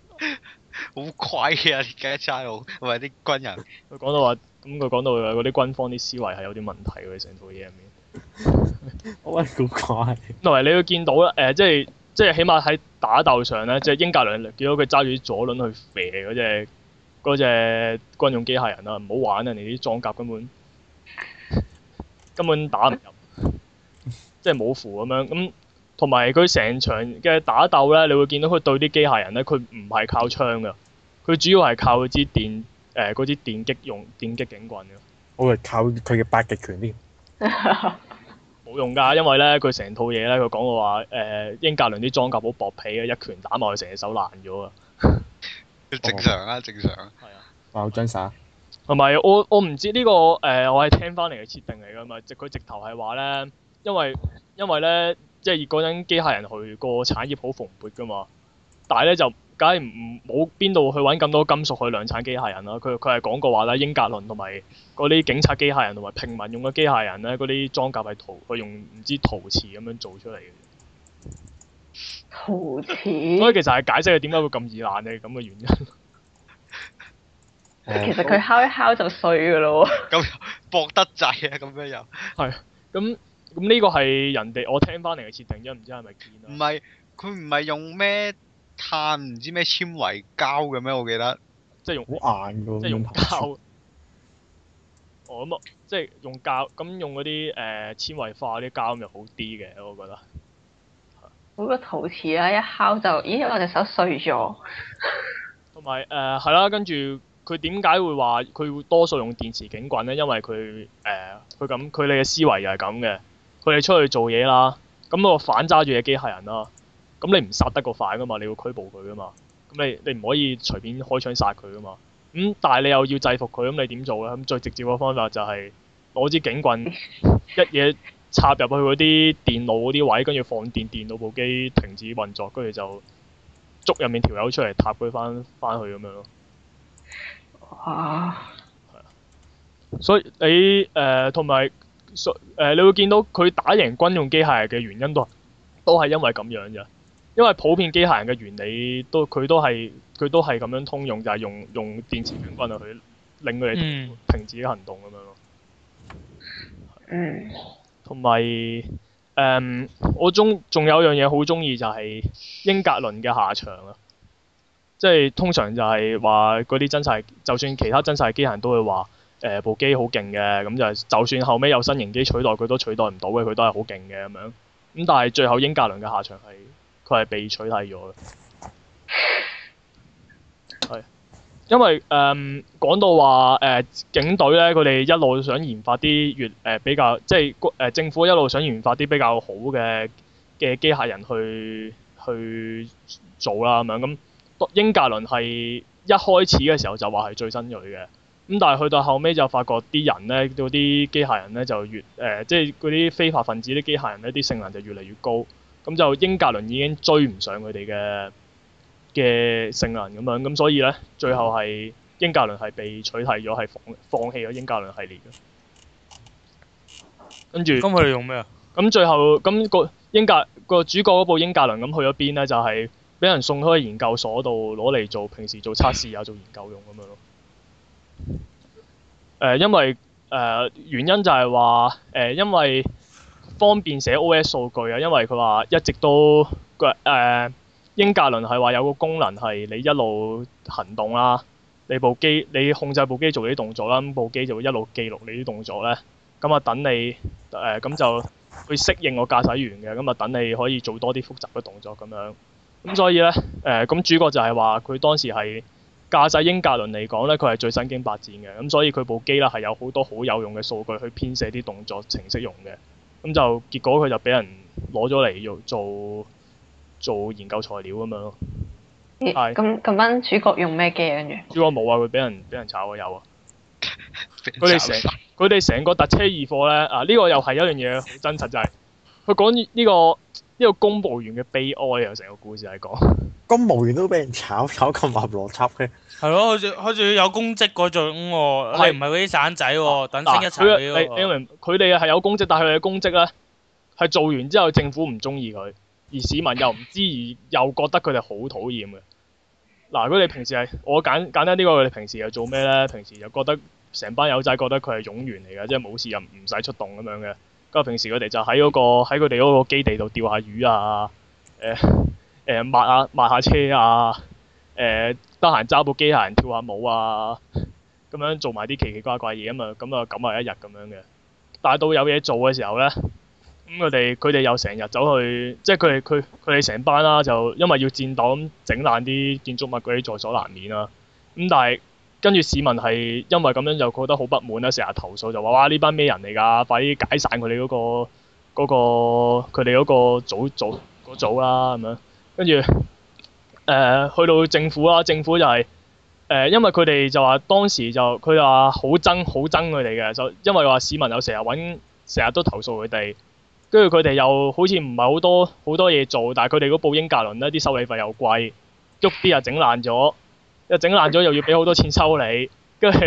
好怪啊！而家齋我唔係啲軍人，佢講 到話，咁佢講到話嗰啲軍方啲思維係有啲問題嘅，成套嘢入面好鬼古怪。同 埋你會見到咧，誒、呃，即係即係起碼喺打鬥上咧，即係英格蘭見到佢揸住啲左輪去射嗰隻。嗰隻軍用機械人啊，唔好玩啊。你啲裝甲根本根本打唔入，即係冇符咁樣。咁同埋佢成場嘅打鬥咧，你會見到佢對啲機械人咧，佢唔係靠槍噶，佢主要係靠支電，誒嗰支電擊用電擊警棍。我係靠佢嘅八極拳添，冇 用㗎，因為咧佢成套嘢咧，佢講過話誒、呃，英格倫啲裝甲好薄皮啊，一拳打埋佢成隻手爛咗啊！ 正常啦，啊，正常。係啊。哇！好真耍。同埋是我我唔知呢個誒，我係、這個呃，聽翻嚟嘅設定嚟噶嘛，直佢直頭係話咧，因為因為咧即係嗰陣機械人去個產業好蓬勃噶嘛，但係咧就梗係唔冇邊度去搵咁多金屬去量產機械人啦。佢佢係講過話啦，英格倫同埋嗰啲警察機械人同埋平民用嘅機械人咧，嗰啲裝甲係陶佢用唔知陶瓷咁樣做出嚟嘅。好瓷， 所以其實係解釋佢點解會咁易爛呢？咁嘅原因。 其實佢敲一敲就碎噶咯，咁薄得滯啊！咁樣又係。咁咁呢個係人哋我聽翻嚟嘅設定啫，唔知係咪堅啊？唔係佢唔係用咩碳唔知咩纖維膠嘅咩？我記得即係用好硬嘅喎，即係用膠。 哦咁、嗯、即係用膠咁、嗯、用嗰啲誒纖維化啲膠咪好啲嘅，我覺得。嗰個陶瓷啦，一敲就，咦、呃！我隻手碎咗。同埋誒係啦，跟住佢點解會話佢會多數用電池警棍咧？因為佢誒佢咁佢哋嘅思維又係咁嘅。佢哋出去做嘢啦，咁、那個反揸住嘅機械人啦，咁你唔殺得個犯噶嘛？你會拘捕佢噶嘛？咁你你唔可以隨便開槍殺佢噶嘛？咁、嗯、但係你又要制服佢，咁你點做咧？咁最直接嘅方法就係攞支警棍一嘢。 插入去嗰啲電腦嗰啲位，跟住放電，電腦部機停止運作，跟住就捉入面條友出嚟，踏佢翻翻去咁樣咯。啊、所以你誒同埋誒，你會見到佢打贏軍用機械嘅原因都係都係因為咁樣嘅。因為普遍機械人嘅原理都佢都係佢都係咁樣通用，就係、是、用用電池電棍去令佢哋停止行動咁、嗯、樣咯。嗯同埋誒，我中仲有樣嘢好鍾意就係、是、英格倫嘅下場啊！即係通常就係話嗰啲真實系，就算其他真實系機械人都會話誒、呃、部機好勁嘅，咁就係就算後尾有新型機取代佢都取代唔到嘅，佢都係好勁嘅咁樣。咁但係最後英格倫嘅下場係佢係被取代咗。因為誒、嗯、講到話誒、呃、警隊咧，佢哋一路想研發啲越誒、呃、比較，即係誒、呃、政府一路想研發啲比較好嘅嘅機械人去去做啦、啊、咁樣。咁英格倫係一開始嘅時候就話係最新銳嘅，咁但係去到後尾就發覺啲人咧，嗰啲機械人咧就越誒、呃，即係嗰啲非法分子啲機械人咧，啲性能就越嚟越高。咁就英格倫已經追唔上佢哋嘅。嘅性能咁樣，咁所以呢，最後係英格倫係被取締咗，係放放棄咗英格倫系列嘅。跟住，咁佢哋用咩啊？咁最後，咁、那個英格個主角嗰部英格倫咁去咗邊呢？就係、是、俾人送咗去研究所度攞嚟做平時做測試啊，做研究用咁樣咯、呃。因為誒、呃、原因就係話誒，因為方便寫 OS 數據啊，因為佢話一直都個、呃英格倫係話有個功能係你一路行動啦，你部機你控制部機做啲動作啦，咁部機就會一路記錄你啲動作咧。咁啊，等你誒咁、呃、就去適應個駕駛員嘅，咁啊等你可以做多啲複雜嘅動作咁樣。咁所以咧誒，咁、呃、主角就係話佢當時係駕駛英格倫嚟講咧，佢係最身經百戰嘅。咁所以佢部機啦係有好多好有用嘅數據去編寫啲動作程式用嘅。咁就結果佢就俾人攞咗嚟做。做研究材料咁樣咯，係咁近班主角用咩機嘅？跟住？主角冇啊，佢俾人俾人炒啊，有啊。佢哋成佢哋成個特車二貨咧啊！呢、這個又係一樣嘢好真實，就係佢講呢個呢、這個公務員嘅悲哀啊！成個故事係講公務員都俾人炒，炒咁合羅輯嘅。係咯，好似好似有公職嗰種喎，係唔係嗰啲散仔喎？等升佢哋係有公職，但係佢嘅公職咧係做完之後，政府唔中意佢。而市民又唔知，而又覺得佢哋好討厭嘅。嗱、啊，如果你平時係我簡簡單啲講，佢哋平時又做咩呢？平時又覺得成班友仔覺得佢係冗員嚟嘅，即係冇事又唔使出動咁樣嘅。咁啊，平時佢哋就喺嗰、那個喺佢哋嗰個基地度釣下魚啊，誒、呃呃、抹下、啊、抹下車啊，誒、呃、得閒揸部機械人跳下舞啊，咁樣做埋啲奇奇怪怪嘢咁啊，咁啊咁啊一日咁樣嘅。但係到有嘢做嘅時候呢。咁佢哋佢哋又成日走去，即係佢哋佢佢哋成班啦、啊，就因為要戰鬥，咁整爛啲建築物嗰啲在所難免啦、啊。咁、嗯、但係跟住市民係因為咁樣就覺得好不滿啦，成日投訴就話哇呢班咩人嚟㗎？快啲解散佢哋嗰個嗰、嗰個佢哋嗰個組組嗰組啦咁樣。跟住誒去到政府啦、啊，政府就係、是、誒、呃、因為佢哋就話當時就佢話好憎好憎佢哋嘅，就因為話市民又成日揾成日都投訴佢哋。跟住佢哋又好似唔係好多好多嘢做，但係佢哋嗰部英格倫呢啲修理費又貴，喐啲又整爛咗，又整爛咗又要俾好多錢修理，跟住，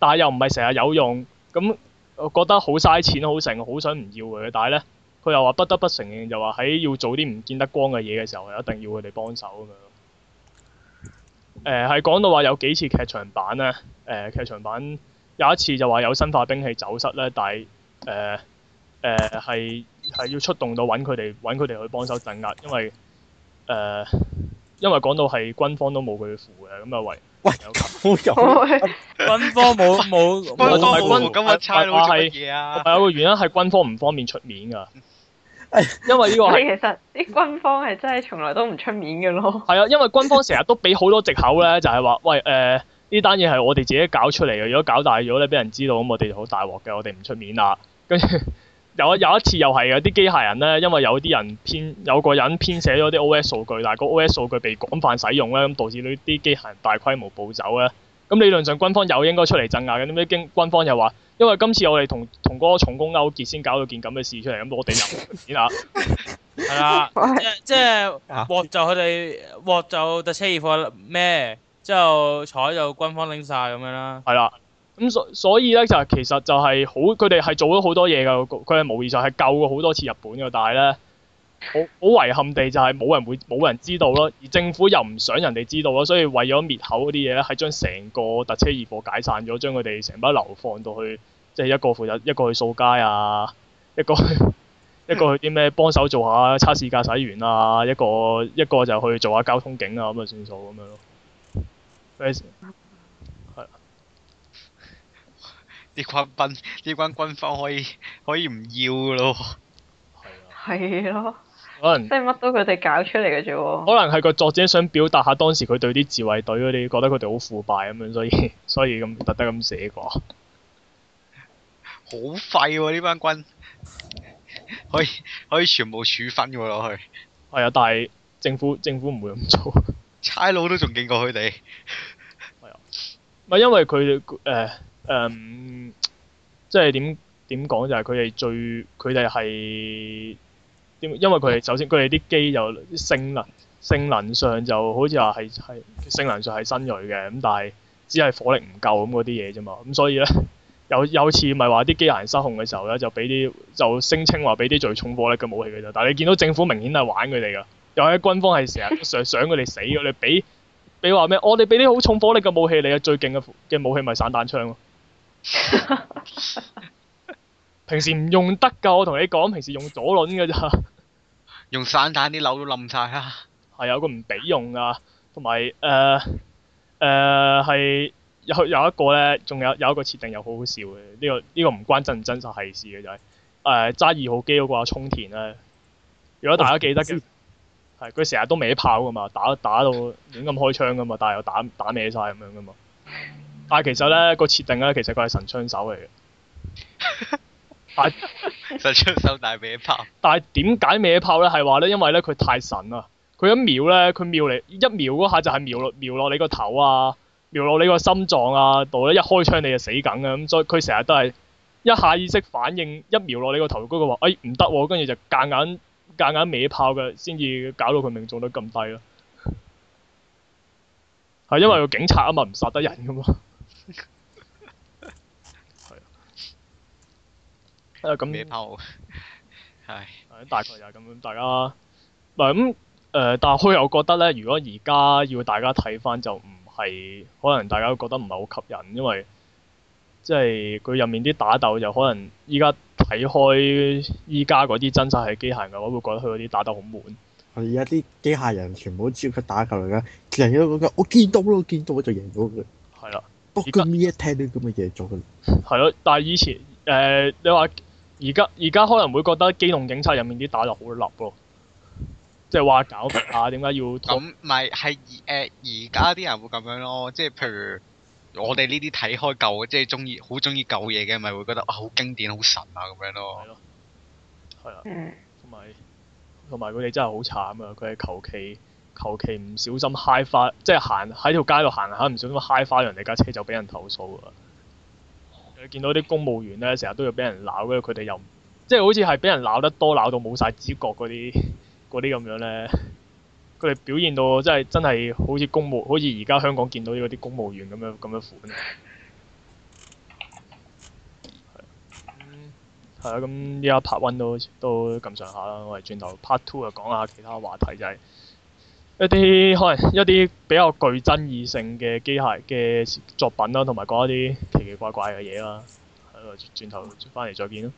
但係又唔係成日有用，咁我覺得好嘥錢，好成，好想唔要佢，但係呢，佢又話不得不承認，就話喺要做啲唔見得光嘅嘢嘅時候，一定要佢哋幫手咁樣。誒係講到話有幾次劇場版呢？誒、呃、劇場版有一次就話有生化兵器走失呢，但係誒係。呃呃係要出動到揾佢哋，揾佢哋去幫手鎮壓，因為誒，因為講到係軍方都冇佢符嘅，咁啊，喂，喂，冇有，軍方冇，冇，冇，咁啊，係啊，係有個原因，係軍方唔方便出面㗎，因為呢個，其實啲軍方係真係從來都唔出面嘅咯，係啊，因為軍方成日都俾好多藉口咧，就係話，喂，誒，呢單嘢係我哋自己搞出嚟嘅，如果搞大咗咧，俾人知道，咁我哋好大鑊嘅。我哋唔出面啦，跟住有有一次又係有啲機械人咧，因為有啲人編有個人編寫咗啲 O.S 數據，但係個 O.S 數據被廣泛使用咧，咁導致呢啲機械人大規模暴走咧。咁、嗯、理論上軍方，軍方又應該出嚟鎮壓嘅，點解經軍方又話？因為今次我哋同同嗰個重工勾結先搞到件咁嘅事出嚟，咁、嗯、我哋又點啊？係啦，即係即獲就佢哋獲就特車二貨咩？之後坐就軍方拎晒咁樣啦。係啦。咁、嗯、所以咧就係其實就係好，佢哋係做咗好多嘢噶，佢係無意就係救過好多次日本噶，但係咧，好好遺憾地就係冇人會冇人知道咯，而政府又唔想人哋知道咯，所以為咗滅口嗰啲嘢咧，係將成個特車二課解散咗，將佢哋成班流放到去，即係一個負責一個去掃街啊，一個 一個去啲咩幫手做下測試駕駛員啊，一個一個就去做下交通警啊，咁就算數咁樣咯。呢班兵，軍方可以可以唔要咯，啊，係咯，可能即係乜都佢哋搞出嚟嘅啫。可能係個作者想表達下當時佢對啲自衛隊嗰啲覺得佢哋好腐敗咁樣，所以所以咁特登咁寫啩。好廢喎，啊！呢班軍 可以可以全部處分嘅落去係啊，但係政府政府唔會咁做，差佬都仲勁過佢哋。咪， 啊、因為佢誒。呃誒、嗯，即係點點講就係佢哋最，佢哋係因為佢哋首先佢哋啲機就性能性能上就好似話係係性能上係新銳嘅，咁但係只係火力唔夠咁嗰啲嘢啫嘛。咁所以咧，有有次咪話啲機械人失控嘅時候咧，就俾啲就聲稱話俾啲最重火力嘅武器嘅啫。但係你見到政府明顯係玩佢哋㗎，又係軍方係成日想想佢哋死㗎。你俾俾話咩？我哋俾啲好重火力嘅武器你啊，最勁嘅嘅武器咪散彈槍咯。 平時唔用得噶，我同你講，平時用左輪噶咋。 用散彈啲樓都冧晒啦。係有個唔俾用噶，同埋誒誒係有有一個咧，仲有、呃呃、有，有，一有，有一個設定又好好笑嘅，呢、呢個呢、呢個唔關真唔真實係事嘅就係誒揸二號機嗰個阿沖田咧。如果大家記得嘅，係佢成日都尾炮噶嘛，打打到亂咁開槍噶嘛，但係又打打歪晒咁樣噶嘛。 但係其實咧個設定咧，其實佢係神槍手嚟嘅。神槍手大尾炮？但係點解尾炮咧？係話咧，因為咧佢太神啊！佢一瞄咧，佢瞄嚟一瞄嗰下就係瞄落瞄落你個頭啊，瞄落你個心臟啊度咧，一開槍你就死梗啊！咁、嗯、所以佢成日都係一下意識反應，一瞄落你個頭、嗰個頭嗰個話，哎唔得，跟住、啊、就夾硬夾硬尾炮嘅，先至搞到佢命中率咁低咯。係因為個警察啊嘛，唔殺得人噶嘛。 係啊，咁、 哎，然後？係， 大概就係咁樣，大家，咪咁誒，但、呃、係我又覺得咧，如果而家要大家睇翻，就唔係，可能大家都覺得唔係好吸引，因為即係佢入面啲打鬥又可能依家睇開依家嗰啲真實係機械人嘅話，會覺得佢嗰啲打鬥好悶。而家啲機械人全部都只腳打嚿嚟噶，成日我見到咯，見到我就贏到佢。而家呢一聽啲咁嘅嘢做嘅？係咯，在但係以前誒、呃，你話而家而家可能會覺得《機動警察》入面啲打落好立咯，即係話搞嘅啊？點解要咁？唔係係誒，而家啲人會咁樣咯，即係譬如我哋呢啲睇開舊，即係中意好中意舊嘢嘅，咪會覺得哇，好經典、好神啊咁樣咯。係咯，係啊，同埋同埋佢哋真係好慘啊！佢係求其，求其唔小心揩花，即係行喺條街度行下唔小心揩花人哋架車就俾人投訴啊！你見到啲公務員呢，成日都要俾人鬧，因為佢哋又即係、就是、好似係俾人鬧得多，鬧到冇晒知覺嗰啲嗰啲咁樣呢，佢哋表現到真係真係好似公務，好似而家香港見到嗰啲公務員咁樣咁樣款。係啊，咁依家 part one 都都咁上下啦，我哋轉頭 part two 啊，講下其他話題就係、是。一啲可能一啲比較具爭議性嘅機械嘅作品啦，同埋講一啲奇奇怪怪嘅嘢啦，喺度轉頭翻嚟再見啦。